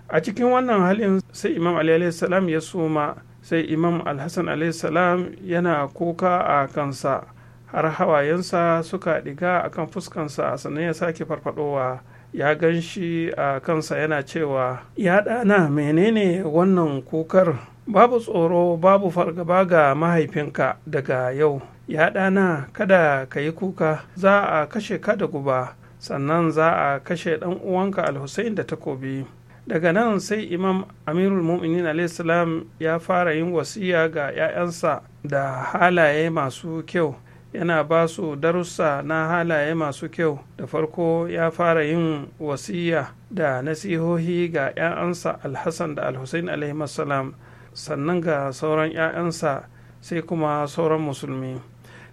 a cikin wannan halin sai imam ali salam ya suma sai imam alhassan salam yana kuka a kansa har hawayensa suka ɗiga a kan fuskansa sannan ya sake farfadowa ya gan shi a kansa yana cewa ya ɗana menene wannan kukar babu tsoro babu fargaba ga mahaifinka daga yau ya ɗana kada ka yi kuka za a kashe ka da guba sannan za a kashe ɗan uwanka alhussein da takobi daga nan sai imam amirul mu'minin salam ya fara yin wasiya ga 'ya'yansa da halaye masu kyau yana ba su darussa na halaye masu kyau da farko ya fara yin wasiya da nasihohi ga 'ya'yansa alhassan da alhussein salam sannan ga sauran 'ya'yansa sai kuma sauran musulmi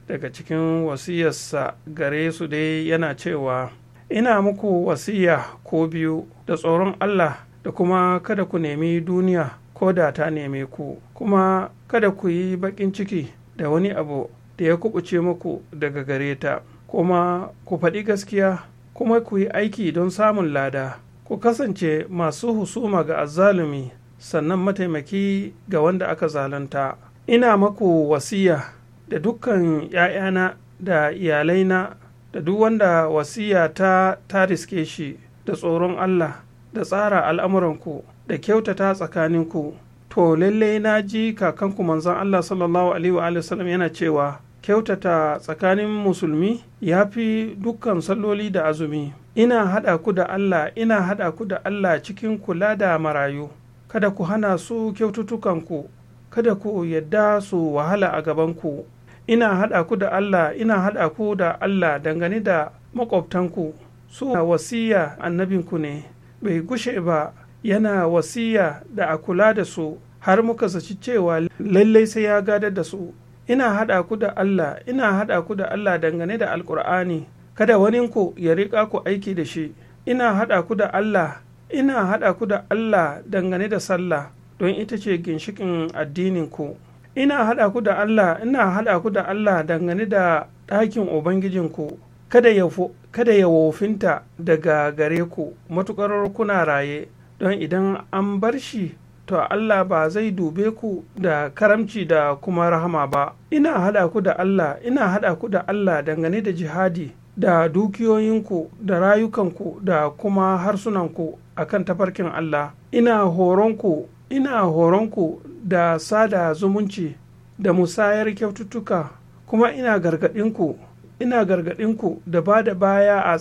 daga cikin wasiyarsa gare su dai yana cewa ina muku wasiya ko biyu da tsoron allah da kuma kada ku nemi duniya ko da ta neme ku kuma kada ku yi baƙin ciki da wani abu da ya kubuce muku daga gare ta kuma ku faɗi gaskiya kuma ku yi aiki don samun lada ku kasance masu husuma ga azalumi sannan mataimaki ga wanda aka zalunta ina maku wasiya da dukkan ‘ya'yana da iyalaina da duk wanda wasiya ta ta riske shi da tsoron Allah da tsara al'amuranku da kyautata tsakaninku to lalle na ji kakanku manzan Allah sallallahu alaihi wa yana cewa kyautata tsakanin musulmi ya fi dukkan salloli da azumi ina haɗa ku da Allah ina haɗa ku da Allah cikin kula da marayu kada ku hana su kyaututtukanku kada ku yadda su wahala a gabanku ina haɗa ku da Allah ina haɗa ku da Allah dangane da makwabtanku su na wasiya annabinku ne bai gushe ba yana wasiya da a kula da su har muka saci cewa lallai sai ya gadar da su ina haɗa ku da Allah ina haɗa ku da Allah dangane da alkur'ani kada waninku ya riƙa ku aiki da shi ina haɗa ku da Allah ina haɗa ku da Allah dangane da sallah don ita ce ginshikin addininku. ku ina haɗa ku da Allah ina haɗa ku da Allah dangane da ɗakin ubangijinku kada ya kada ya wofinta daga gare ku matuƙar kuna raye don idan an bar shi to Allah ba zai dube ku da karamci da kuma rahama ba ina haɗa ku da Allah ina haɗa ku da Allah dangane da jihadi da dukiyoyinku da rayukanku da kuma harsunanku akan tafarkin Allah ina horonku ina horonku da sada zumunci da musayar kyaututtuka kuma ina gargaɗinku ina gargaɗinku da ba da baya a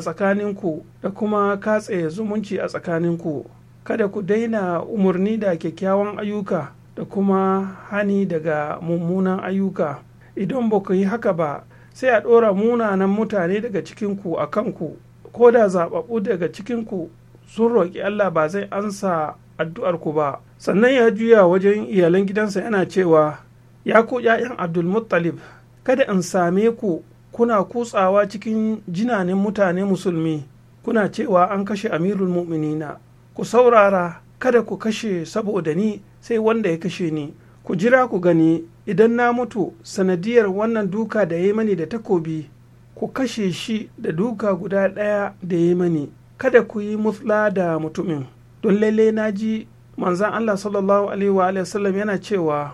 tsakaninku da kuma katse zumunci a tsakaninku kada ku daina umarni da kyakkyawan ayyuka da kuma hani daga mummunan ayyuka idan ba ku yi haka ba sai a ɗora munanan mutane daga cikinku a kanku ko da zaɓaɓɓu daga cikinku sun roƙi allah ba zai ansa addu'ar ku ba sannan ya juya wajen iyalan gidansa yana cewa ya ku ‘ya'yan abdulmuttalib kada in same ku kuna kutsawa cikin jinanin mutane musulmi kuna cewa an kashe amirul mu'minina ku saurara kada ku kashe saboda ni sai wanda ya kashe ni ku jira ku gani idan na mutu sanadiyar wannan duka da ya mani da takobi ku kashe shi da duka guda ɗaya da ya mani kada ku yi musla da mutumin don lalle na ji manzan allah sallallahu alaihi wa sallam yana cewa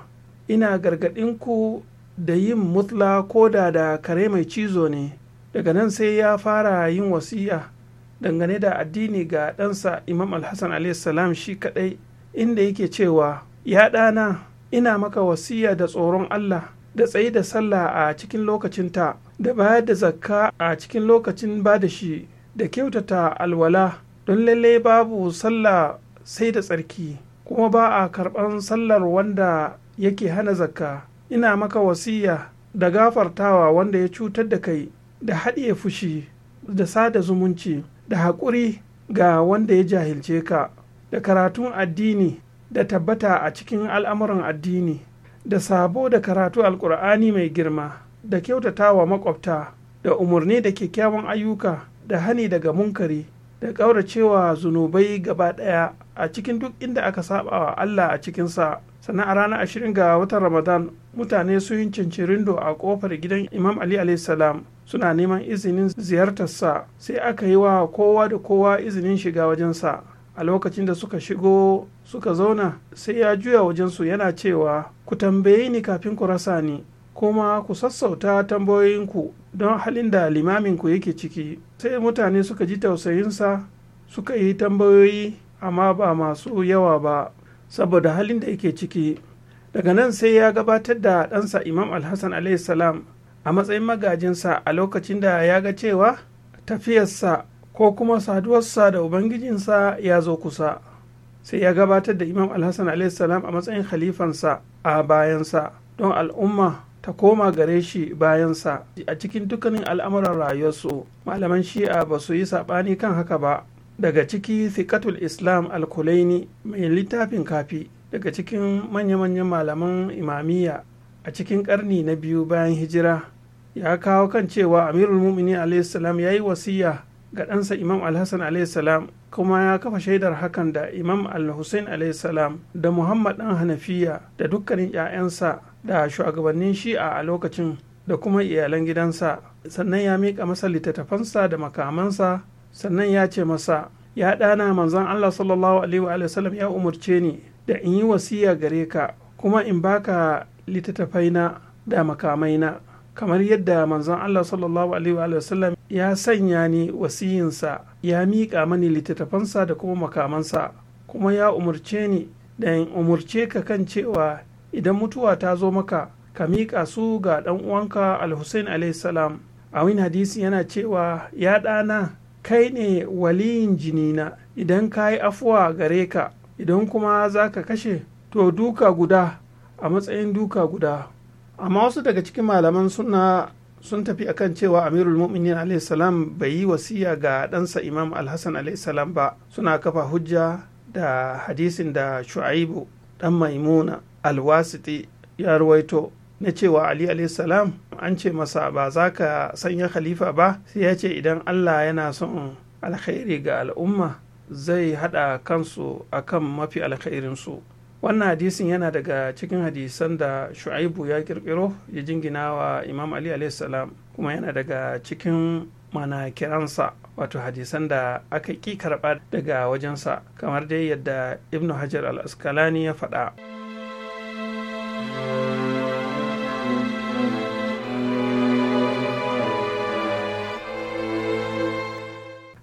ina gargaɗin ku da yin mutla ko da da kare mai cizo ne daga nan sai ya fara yin wasiya dangane da addini ga ɗansa imam alhassan salam shi kaɗai inda yake cewa ya ɗana ina maka wasiya da tsoron allah da tsayi da sallah a cikin lokacin ta da bayar da zakka a cikin lokacin ba da shi da kyautata alwala don lalle babu sallah sai da tsarki kuma ba a karɓan sallar wanda yake hana zakka ina maka wasiya da gafartawa wanda ya cutar da kai da haɗiye fushi da sada zumunci da haƙuri ga wanda ya jahilce ka da karatun addini da tabbata a cikin al'amuran addini da sabo da karatu Alƙur'ani mai girma da kyautatawa maƙwabta da umarni da kyakkyawan ayyuka da hani daga munkari da cewa zunubai gaba ɗaya a cikin duk inda aka saba wa Allah a cikinsa sannan a ranar ashirin ga watan ramadan mutane sun yi cincirindo a ƙofar gidan imam ali salam suna neman izinin ziyartarsa sai aka yi wa kowa da kowa izinin shiga wajensa a lokacin da suka shigo suka zauna sai ya juya wajensu yana cewa ku tambaye ni kafin ku rasa ni kuma ku sassauta tambayoyinku don halin da limaminku yake ciki sai mutane suka ji tausayinsa suka yi tambayoyi amma ba masu yawa ba saboda halin da yake ciki daga nan sai ya gabatar da ɗansa imam alhassan salam a matsayin magajinsa a lokacin da ya ga cewa tafiyarsa ko kuma saduwarsa da ubangijinsa ya zo kusa sai ya gabatar da imam alhassan salam a matsayin khalifansa a bayansa don al'umma ta koma gare shi bayansa a cikin dukkanin al'amuran rayuwarsu malaman shi'a ba su yi saɓani kan haka ba daga ciki sikatul islam alkulaini mai littafin kafi daga cikin manya-manyan malaman imamiyya a cikin karni na biyu bayan hijira ya kawo kan cewa amirul mumini alaihissalam ya yi wasiya ga ɗansa imam alhassan alaihissalam kuma ya kafa shaidar hakan da imam al-hussein alaihissalam da muhammad ɗan hanafiya da dukkanin 'ya'yansa da shugabannin shi'a a lokacin da kuma iyalan gidansa sannan ya mika masa littattafansa da makamansa sannan ya ce masa ya ɗana manzon allah sallallahu alaihi wa sallam ya umarce ni da in yi wasiya gare ka kuma in baka littattafaina da makamaina kamar yadda manzon allah sallallahu alaihi wa sallam ya sanya ni wasiyinsa ya miƙa mani littattafansa da kuma makamansa kuma ya umarce ni da in umarce ka kan cewa idan mutuwa ta zo maka ka miƙa su ga ɗan uwanka alhussein salam a wani hadisi yana cewa ya ɗana kai ne waliyin jinina idan ka yi afuwa gare ka idan kuma za ka kashe to duka guda a matsayin duka guda amma wasu daga cikin malaman suna sun tafi akan cewa amirul mu'minin salam bai yi wasiya ga ɗansa imam alhassan salam ba suna kafa hujja da hadisin da shu'aibu ɗan maimuna alwasiti ya ruwaito na cewa ali salam an ce masa ba za ka sanya khalifa ba sai ya ce idan allah yana son alkhairi ga al'umma zai haɗa kansu a kan mafi alkhairinsu wannan hadisin yana daga cikin hadisan da shu'aibu ya kirkiro ya jingina wa imam ali salam kuma yana daga cikin mana kiransa wato hadisan da aka ƙi karɓa daga wajensa kamar dai yadda ibnu hajar al-askalani ya faɗa.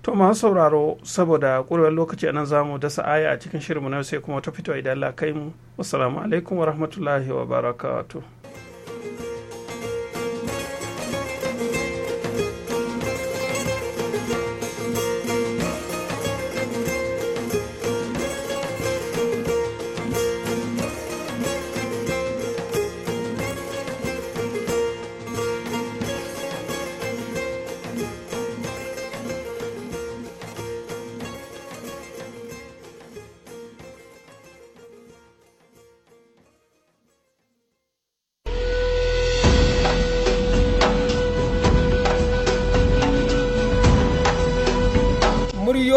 to masu sauraro saboda ƙurewar lokaci a nan zamu mu dasa aya a cikin shirinmu na sai kuma ta fito idan la kai mu assalamu alaikum wa rahmatullahi wa barakatuh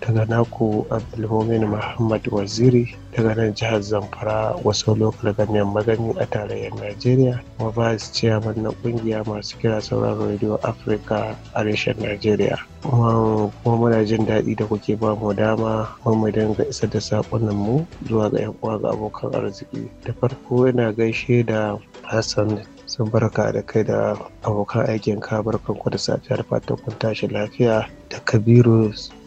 daga naku abdulmumin muhammad waziri daga nan jihar zamfara wasu lokal ganyen magani a tarayyar najeriya kuma vice chairman na kungiya masu kira sauran radio Afirka a reshen najeriya kuma muna jin daɗi da kuke ba mu dama mun mu dinga isa da saƙonan mu zuwa ga yan uwa ga abokan arziki da farko ina gaishe da hassan sun barka da kai da abokan aikin ka barkan da safiyar fatan kun tashi lafiya da kabiru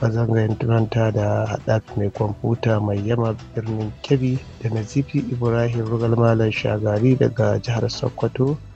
ba zan da haɗaf mai kwamfuta mai yama birnin kebbi da nazifi ibrahim rugal malam shagari daga jihar sokoto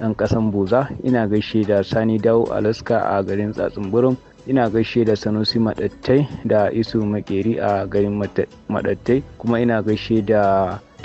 ɗan ƙasan Boza, ina gaishe da Sani Dawo Alaska a garin Tsatsunburum, ina gaishe da Sanusi Maɗattai da Isu Makeri a garin Maɗattai, kuma ina gaishe da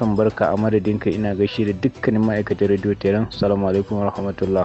Hassan Barka a madadinka ina gaishe da dukkanin ma'aikatan Radio Tehran. salamu alaikum wa rahmatullah.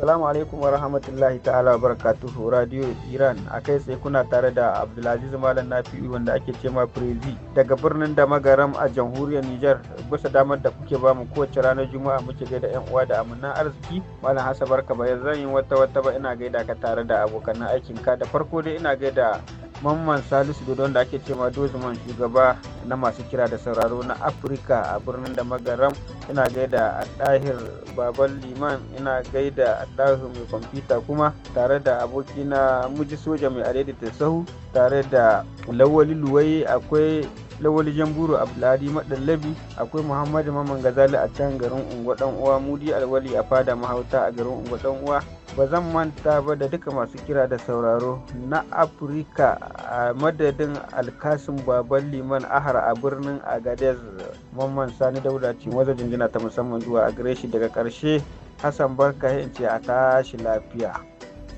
Salamu alaikum wa rahmatullahi ta'ala wa barakatuhu Radio Iran a kai sai kuna tare da Abdulaziz Malam nafi wanda ake ce ma Prezi daga birnin da magaram a jamhuriyar Nijar bisa damar da kuke bamu kowace ranar Juma'a muke gaida yan uwa da aminnan arziki Malam Hassan Barka bayan zan yi wata wata ba ina gaida ka tare da abokan aikin ka da farko dai ina gaida Mamman Salisu Dodon da ake cewa Dozman shugaba na masu kira da sauraro na Afirka a birnin da magaram ina gaida a ɗahir baban liman ina gaida a ɗahir mai kwamfuta kuma tare da abokina muji soja mai adaidaita sahu tare da lawali luwai akwai lawali jamburu abdulhadi madallabi akwai muhammadu mamman gazali a can garin unguwa dan uwa mudi alwali a fada mahauta a garin unguwa dan uwa ba zan manta ba da duka masu kira da sauraro na afirka a madadin alkasin baban liman ahara a birnin agadez mamman sani dauda ce wajen jinjina ta musamman zuwa a gare shi daga karshe hassan barka ya ce a tashi lafiya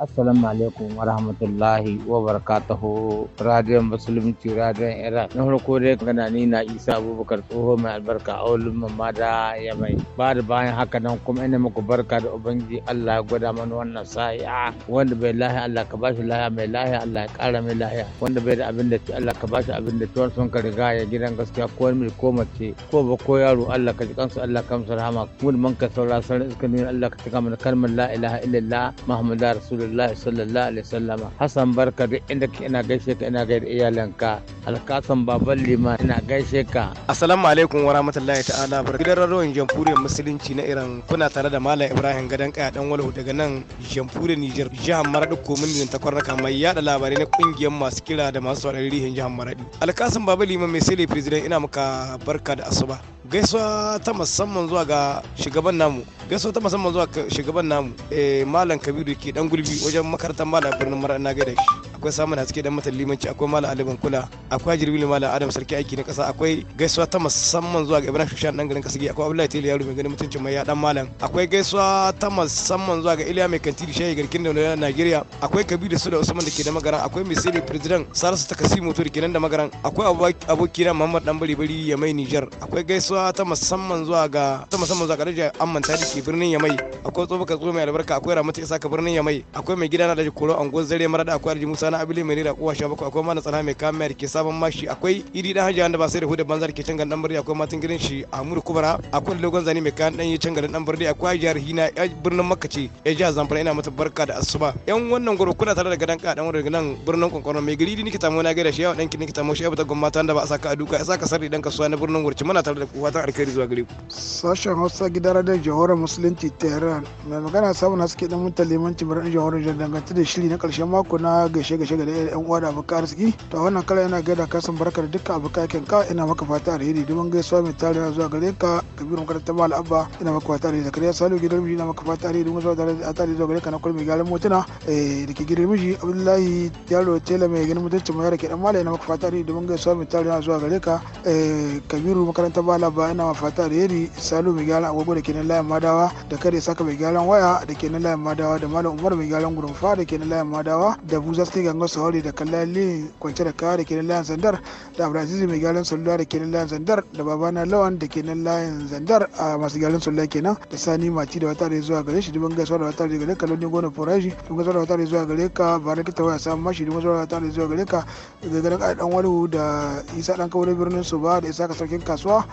assalamu alaikum wa rahmatullahi wa barakatuhu radiyon musulunci radiyon iran na farko dai gana ni na isa abubakar tsoho mai albarka a wulin mamma da ya mai ba da bayan haka nan kuma ina muku barka da ubangiji allah ya gwada mana wannan sa'i'a wanda bai lahiya allah ka bashi lahiya mai lahiya allah ya kara mai lahiya wanda bai da abin da ci allah ka bashi abin da ci wani sun ka riga ya gidan gaskiya ko wani ko mace ko ba ko yaro allah ka ji kansu allah ka musu rahama mun man ka saura sarar iska nuna allah ka cika mana kalmar la ilaha illallah muhammadu rasulullah rasulullahi sallallahu alaihi wasallama hassan barka duk inda ina gaishe ka ina gaida iyalanka alkasan baban liman ina gaishe ka assalamu alaikum wa rahmatullahi ta'ala bar gidan rarrawan jamhuriyar musulunci na iran kuna tare da malam ibrahim gadan kaya dan walau daga nan jamhuriyar niger jihar maradi komin ta kwarraka mai yada labarai na kungiyar masu kira da masu sauraron rihin jihar maradi alkasan baban liman mai sele president ina maka barka da asuba gaisuwa ta musamman zuwa ga shugaban namu gaisuwa ta musamman zuwa ga shugaban namu eh malam kabiru ke dan gulbi wajen makarantar malam birnin mara na gaida shi akwai samun haske dan mata limanci akwai malam aliban kula akwai jirbil mala adam sarki aiki na kasa akwai gaisuwa ta musamman zuwa ga ibrahim shushan dan garin kasige akwai abdullahi tele yaro mai ganin mutuncin mai ya dan malam akwai gaisuwa ta musamman zuwa ga iliya mai kantiri shayi garkin da na nigeria akwai kabiru su da usman da ke da magaran akwai misiri president salisu ta kasi motor da ke nan da magaran akwai aboki na muhammad dan bari bari ya mai niger akwai gaisuwa ta musamman zuwa ga ta musamman zuwa ga daji amman ta ke birnin yamai akwai tsofaka tsoho mai albarka akwai ramata isa ka birnin yamai akwai mai gida na daji koro angon zare mara da akwai da musa na abili mai rira kowa sha bakwai akwai mana tsana mai kamar ke sa sabon mashi akwai iri dan hajiya wanda ba sai da hudu banzar ke cangan dan birni akwai matan gidan shi amur kubara akwai dogon zani mai kayan yi cangan dan birni akwai jihar hina ya birnin makace ya jihar zamfara ina mata barka da asuba yan wannan gwaro kuna tare da gadan ka dan wurin nan birnin kwankwaron mai gari ni tamo na gaida shi yawa dan kini tamo shi abata gwamnati wanda ba a saka a duka ya saka sarri dan kasuwa na birnin gurci muna tare da kuwa ta alkhairi zuwa gare ku sashen hausa gidan radar jihohar musulunci tehran mai magana samu na suke dan mutane limanci birnin jihohar dangantar da shiri na karshen mako na gaishe gaishe ga yan uwa da abokan arziki to wannan kala yana gaida kasan barka da dukkan abokan aikin ka ina maka fata alheri domin gaisuwa mai tarin zuwa gare ka kabiru makarantar mal abba ina maka fata alheri zakariya salu gidan miji ina maka fata alheri domin zuwa tare da tare zuwa gare ka na kulmi gyaran motuna eh, da ke gidan miji abdullahi yaro tela mai ganin mutuncin mai rake dan malai ina maka fata alheri domin gaisuwa mai tarin zuwa gare ka eh, kabiru makarantar mal abba ina maka fata alheri salu mai gyaran agogo da ke nan layin madawa da kare saka mai gyaran waya da ke nan layin madawa da malam umar mai gyaran gurumfa da ke nan layin madawa da buza sai gangar sawari da kallali kwance da kare ke nan layin layin zandar da abdulaziz mai gyaran salula da ke nan layin zandar da babana lawan da ke nan layin zandar a masu gyaran salula kenan da sani maci da wata zuwa gare shi dubin gaisuwa da wata gare ka Lodin gona foraji dubin gaisuwa da wata zuwa gare ka ba na kitawa ya samu mashi dubin gaisuwa da wata zuwa gare ka daga garin kaɗan walhu da isa dan kawo birnin su ba da isa ka saukin kasuwa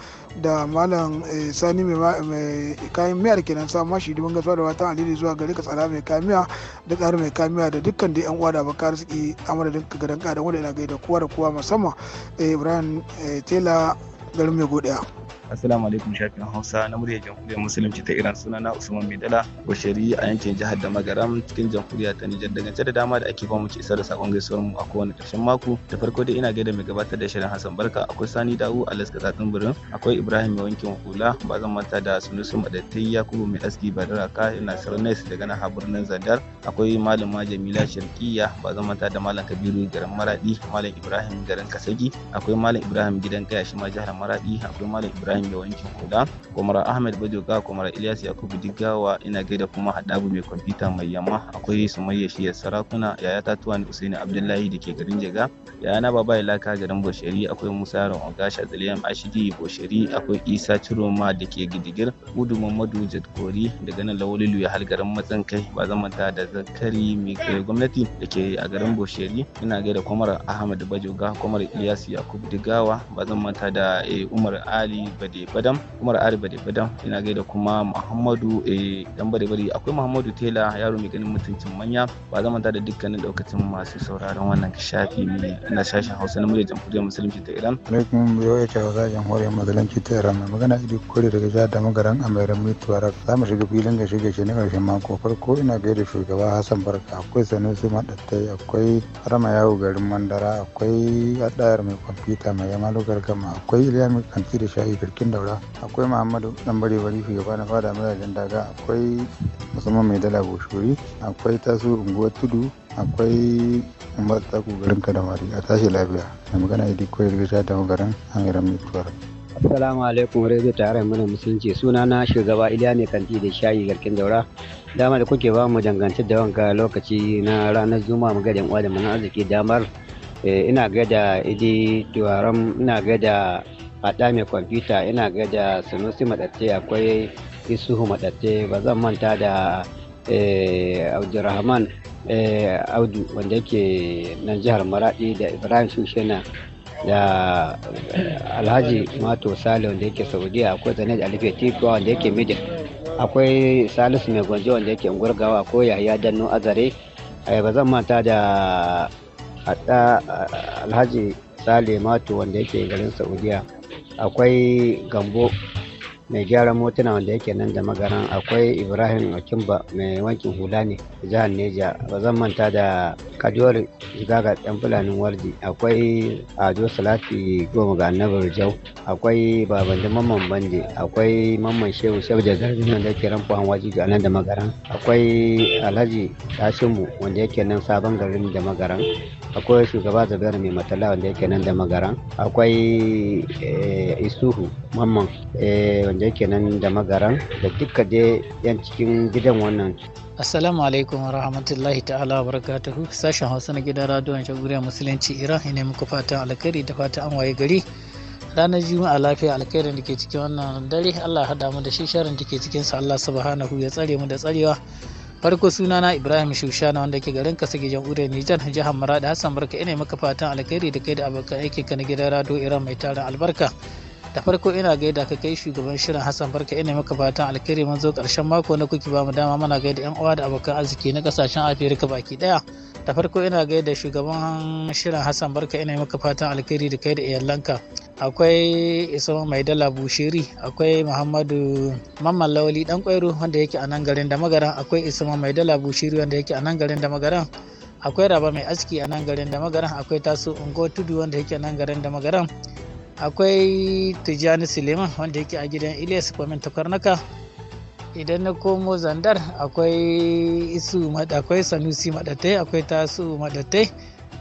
da malam eh, sani mai kayan miya da ke nan samun mashi dubin gaisuwa da wata alili zuwa gare ka tsara mai kayan miya da tsara mai kayan miya da dukkan da yan uwa da bakar suke dukkan garin kaɗan wanda yana gaida kowa da kowa musamman eh, ibrahim eh, taylor garin mai godiya Assalamu alaikum shafin Hausa na muryar jamhuriyar musulunci ta Iran suna na Usman Maidala shari'a a yankin jihar da Magaram cikin jamhuriyar ta Nijar daga da dama da ake ba mu ke da sakon gaisuwar mu a kowane ƙarshen mako da farko dai ina gaida mai gabatar da shirin Hassan Barka akwai Sani Dawu Alaska Tsatsin birnin. akwai Ibrahim mai wankin hula ba zan manta da Sunusu madatta Yakubu mai aski ka? ina Sarnes daga nan birnin Zadar akwai Malama Jamila Shirkiya ba zan manta da Malam Kabiru garin Maradi Malam Ibrahim garin Kasagi akwai Malam Ibrahim gidan kaya shi ma jihar Maradi akwai Malam Ibrahim Ibrahim yawancin wankin hula, Kwamara Ahmed Bajoga, Kwamara Ilyas Yakubu Digawa, ina gaida kuma hadabu mai kwamfuta mai yamma, akwai Sumayya Shiyar Sarakuna, yaya Tatuwan Usaini Abdullahi da ke garin Jega, yaya na Baba Ilaka garin Bosheri, akwai Musa Yaron Ogasha Zaliyan Ashidi Bosheri, akwai Isa Ciroma da ke Gidigir, Udu Mamadu Jadkori daga nan Lawalilu ya garin Matsan Kai, ba zamanta da Zakari mai gwamnati da ke a garin Bosheri, ina gaida Kwamara Ahmed Bajoga, Kwamara Ilyas Yakubu Digawa, ba zan da eh, Umar Ali ba bade badam umar ari bade ina gaida kuma muhammadu eh dan bade bade akwai muhammadu tela yaro mai ganin mutuncin manya ba zama da dukkanin daukacin masu sauraron wannan shafi ne ina sashen hausa na muryar kudin musulunci ta iran alaikum yawai wa hausa horiyar musulunci ta iran magana idi kore daga jihar da magaran amairan mutuwar za mu shiga filin da shige shi na karshen mako farko ina gaida shugaba hassan barka akwai sanusi maɗattai akwai harama yawo garin mandara akwai adayar mai kwamfuta mai yama lokar gama akwai iliya mai kanti da shayi garkin daura akwai muhammadu dan bare bari shugaba na fada mazajen daga akwai musamman mai dala boshori akwai taso unguwar tudu akwai umar taku garin kadamari a tashi lafiya da magana idi koyar da ta garin yi ramin tuwar Assalamu alaikum radio tare mana musulunci suna na shugaba Iliya ne kanti da shayi garkin daura dama da kuke ba mu dangance da wanka lokaci na ranar zuma mu gadan uwa da mana arziki damar eh, ina gaida idi tuwaron ina gaida haɗa mai kwamfuta ina gaida Sanusi madatte akwai isuhu madatte ba zan manta da eh, abdurrahman eh, audu wanda yake nan jihar maradi da ibrahim shushena da eh, alhaji mato sale wanda yake saudiya akwai da alife tikuwa wanda yake midin akwai salisu mai gwanjo wanda yake gurgawa ko yahaya danno azare ba zan manta da alhaji sale mato wanda yake garin saudiya akwai gambo mai gyaran motuna wanda yake nan da magaran akwai ibrahim akimba mai wankin hula ne jihar neja ba zan manta da kajuwar jigaga yan fulanin wardi akwai ado Salafi, goma ga annabar jau akwai babandi mamman bande akwai mamman shehu shehu da zargin wanda yake ran fuhan waji ga nan da magaran akwai alhaji tashinmu wanda yake nan sabon garin da magaran akwai shugaba zabiyar mai matala wanda yake nan da magaran akwai eh, isuhu mamman eh, wanda yake nan da magaran da duka dai yan cikin gidan wannan Assalamu alaikum wa rahmatullahi ta'ala wa barakatuhu sashen Hausa na gidan radiyon jamhuriyar musulunci Iran ne muku fatan alkhairi da fatan an waye gari ranar juma'a lafiya alkhairin da ke cikin wannan dare Allah hada mu da shi sharin da ke cikin sa Allah subhanahu ya tsare mu da tsarewa farko sunana Ibrahim Shushana wanda ke garin Kasige jamhuriyar Nijar jihar Maradi Hassan Barka ina maka fatan alkhairi da kai da abokan aiki ka na gidan radiyo Iran mai tarin albarka da farko ina gaida ka kai shugaban shirin hassan barka ina maka fatan alkhairi mun zo karshen mako na kuki ba mu dama muna gaida yan uwa da abokan arziki na kasashen afirka baki daya da farko ina gaida shugaban shirin hassan barka ina maka fatan alkhairi da kai da iyalanka akwai isa maidala bushiri akwai muhammadu mamman lawali dan kwairo wanda yake a nan garin da magaran akwai isa maidala bushiri wanda yake a nan garin da magaran akwai raba mai aski a nan garin da magaran akwai taso ungo tudu wanda yake nan garin da magaran akwai tijjani suleiman wanda yake a gidan ilyas kwamin Takarnaka; idan na komo zandar akwai isu akwai sanusi madatai akwai tasu madatai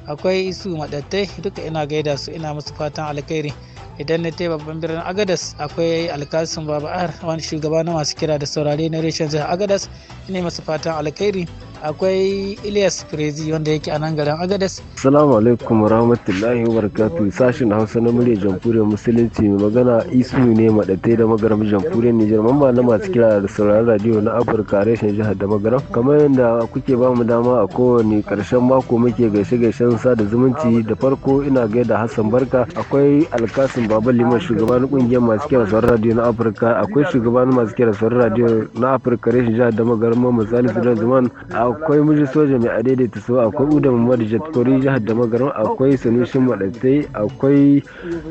akwai isu madatai duka ina gaida su ina musu fatan alkhairi idan na tai babban birnin agadas akwai alkasin baba wani shugaba na masu kira da saurare na reshen jihar agadas ina masu fatan alkhairi akwai Ilyas Prezi wanda yake a nan garin Agades. Assalamu alaikum warahmatullahi wabarakatuh sashin Hausa na murya Jamhuriyar Musulunci mai magana isu ne madatai da magaram Jamhuriyar Nijar mamba na masu kira da sauraron radio na Afirka reshen jihar da magaram kamar yadda kuke ba mu dama a kowane karshen mako muke gaishe gaishen sada zumunci da farko ina gaida Hassan Barka akwai Alkasim Baba Liman shugaban kungiyar masu kira sauraron radio na Afirka akwai shugaban masu kira sauraron radio na Afirka reshen jihar da magaram Muhammad Salisu Zaman akwai muji soja mai adaidaita su akwai uda mamadu jatkori jihar da magaran akwai sanushin madatai akwai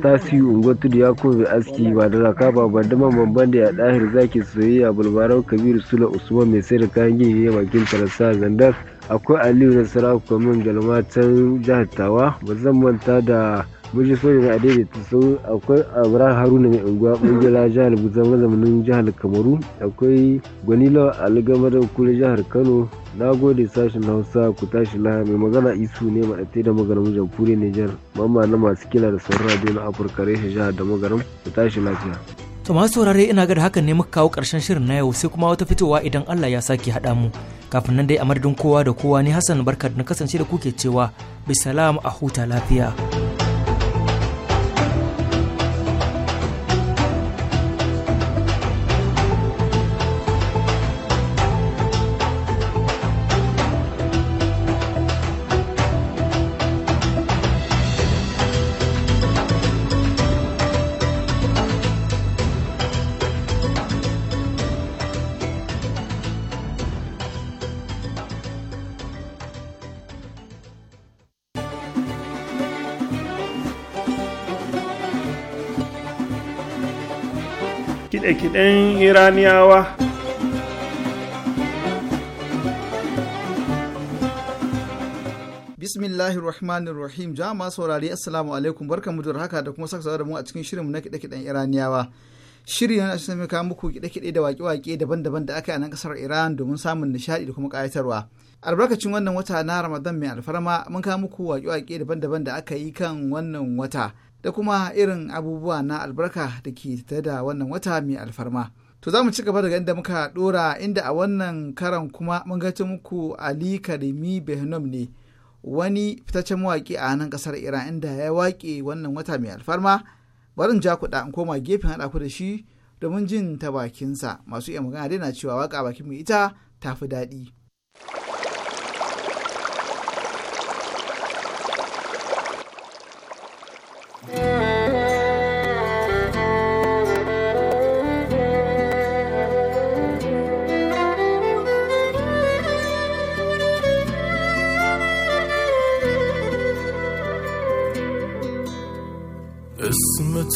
tasiri unguwar tudu ya bai aski ba da raka ba da babban da ya dahir zaki soyayya bulbaran kabiru sula usman mai sai da kayan gini ne bakin tarasa zandar akwai aliyu na sarakwa galmatan jihar tawa ba zan manta da muji soja na ta sau akwai abraham haruna mai unguwa kungiyar jihar buzan mazaunin jihar kamaru akwai gwanila da kula jihar kano na gode sashen hausa ku tashi laha mai magana isu ne maɗatai da magaram jamhuriyar nijar mamma na masu kila da sauran radio na afirka reshe jihar da magaram ku tashi lafiya To masu saurare ina ga da hakan ne muka kawo ƙarshen shirin na yau sai kuma wata fitowa idan Allah ya sake haɗa mu. Kafin nan dai a madadin kowa da kowa ne Hassan barka na kasance da kuke cewa bisalam a huta lafiya. kiɗe-kiɗen iraniyawa bismillahi rahmani rahim jama'a saurari assalamu alaikum mu da haka da kuma saka da mu a cikin shirinmu na kiɗe-kiɗen iraniyawa shirin yana sun kawo muku kiɗe-kiɗe da waƙe-waƙe daban-daban da aka yi a nan ƙasar iran domin samun nishaɗi da kuma ƙayatarwa albarkacin wannan wata na ramadan mai alfarma mun kawo muku waƙe-waƙe daban-daban da aka yi kan wannan wata da kuma irin abubuwa na albarka da ke tattare da wannan wata mai alfarma. To za mu ci gaba daga inda muka dora inda a wannan karan kuma mun ga muku Ali Karimi Behnom ne wani fitaccen mawaƙi a nan ƙasar Iran inda ya waƙe wannan wata mai alfarma barin ja kuɗa in koma gefen haɗa ku da shi domin jin ta bakinsa masu iya magana dai na cewa waƙa bakin mu ita tafi daɗi.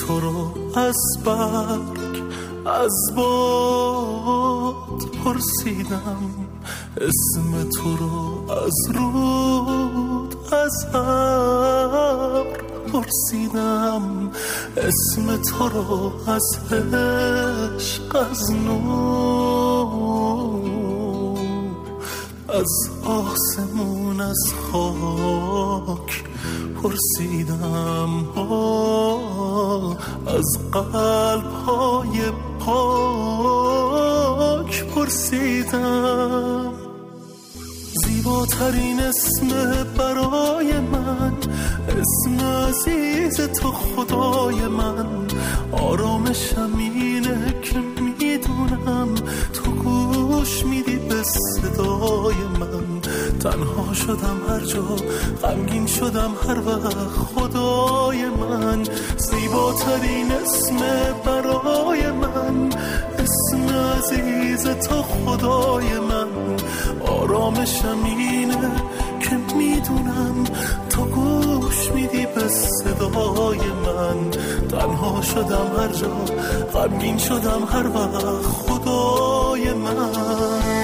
تو رو از برگ از باد پرسیدم اسم تو رو از رود از هر پرسیدم اسم تو رو از عشق از نور از آسمون از خاک پرسیدم از قلب های پاک پرسیدم زیباترین اسم برای من اسم عزیز تو خدای من آرامشم اینه که میدونم تو گوش میدی صدای من تنها شدم هر جا غمگین شدم هر وقت خدای من زیباترین اسم برای من اسم عزیز تا خدای من آرامشم اینه که میدونم تو گوش میدی به صدای من تنها شدم هر جا غمگین شدم هر وقت خدای من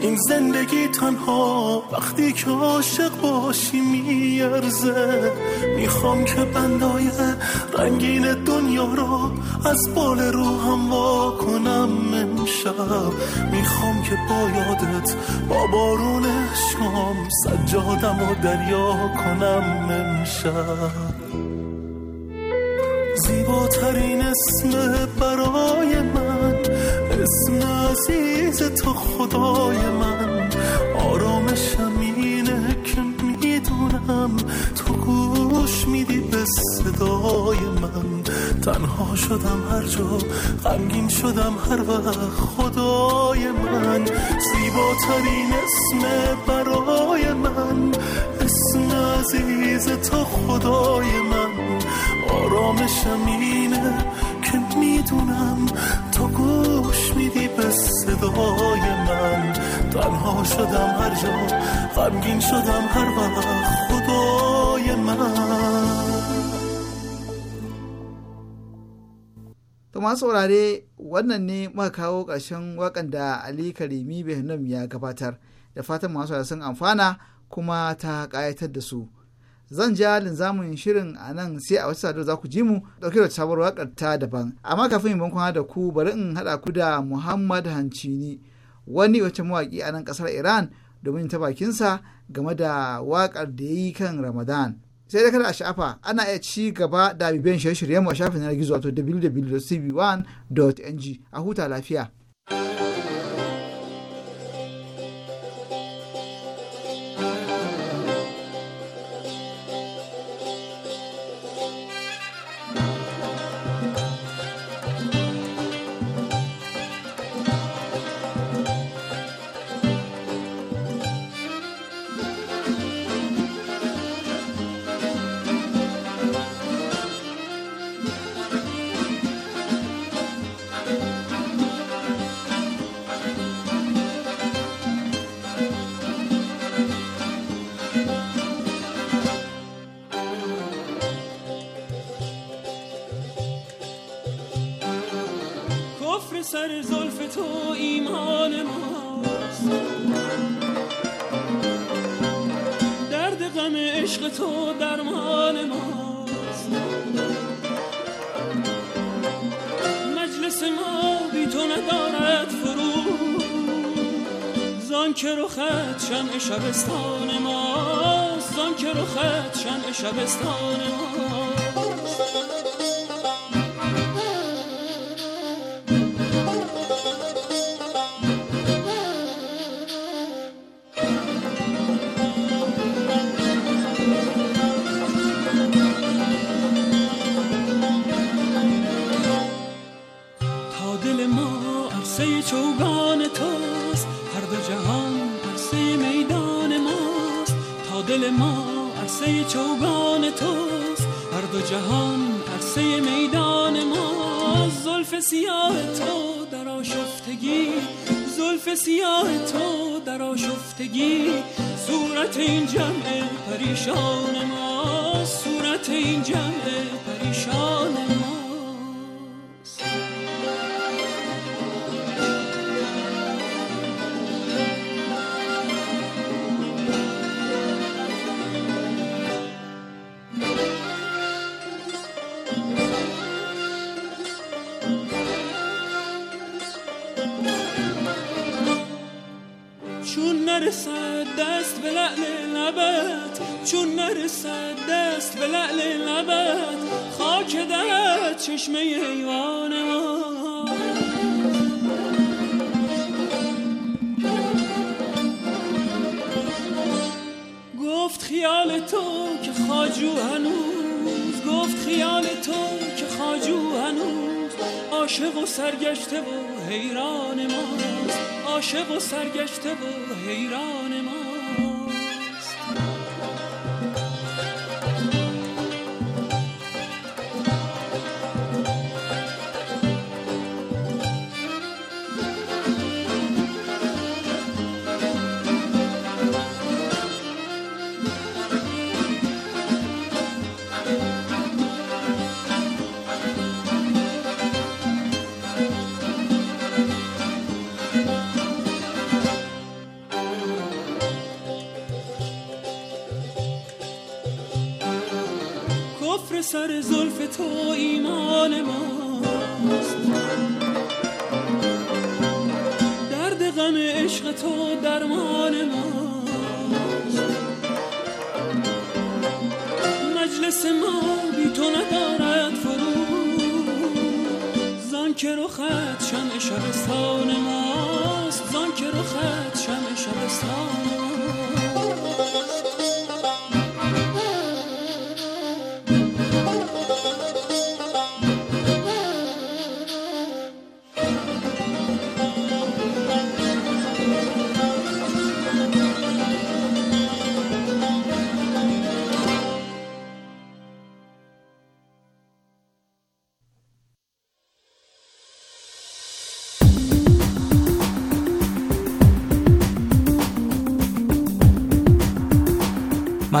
این زندگی تنها وقتی که عاشق باشی میارزه میخوام که بندای رنگین دنیا را از بال هم وا کنم امشب میخوام که با یادت با بارون شام سجادم و دریا کنم امشب زیباترین اسم برای من اسم عزیز تو خدای من آرامشم اینه که میدونم تو گوش میدی به صدای من تنها شدم هر جا غمگین شدم هر وقت خدای من زیباترین اسم برای من اسم عزیز تو خدای من آرامشم اینه که میدونم شنیدی به صدای من تنها شدم هر جا غمگین شدم هر وقت خدای من To masu saurare wannan ne muka kawo ƙarshen wakan da Ali Karimi Behnam ya gabatar da fatan masu sun amfana kuma ta ƙayatar da su. zan ja linzamin shirin a nan sai a wata sadu za ku ji mu Ɗauke da sabuwar wakar ta daban amma kafin in bankwana da ku bari in haɗa ku da muhammad hancini wani wacce mawaƙi a nan ƙasar iran domin ta bakinsa game da wakar da ya yi kan ramadan sai da kada a sha'afa ana iya ci gaba da bibiyan shirye-shiryen mu a shafin yanar gizo wato www.cb1.ng a huta lafiya. تو ایمان ماست درد غم عشق تو درمان ماست مجلس ما بی تو ندارد فرو زان که رو خد شمع شبستان ماست زان که رو خد شمع شبستان ماست سر زلف تو ایمان ماست درد غم عشق تو درمان ماست مجلس ما بی تو ندارد فرو زان که رو خد شم شبستان ماست زان که رو خد شم شبستان ماست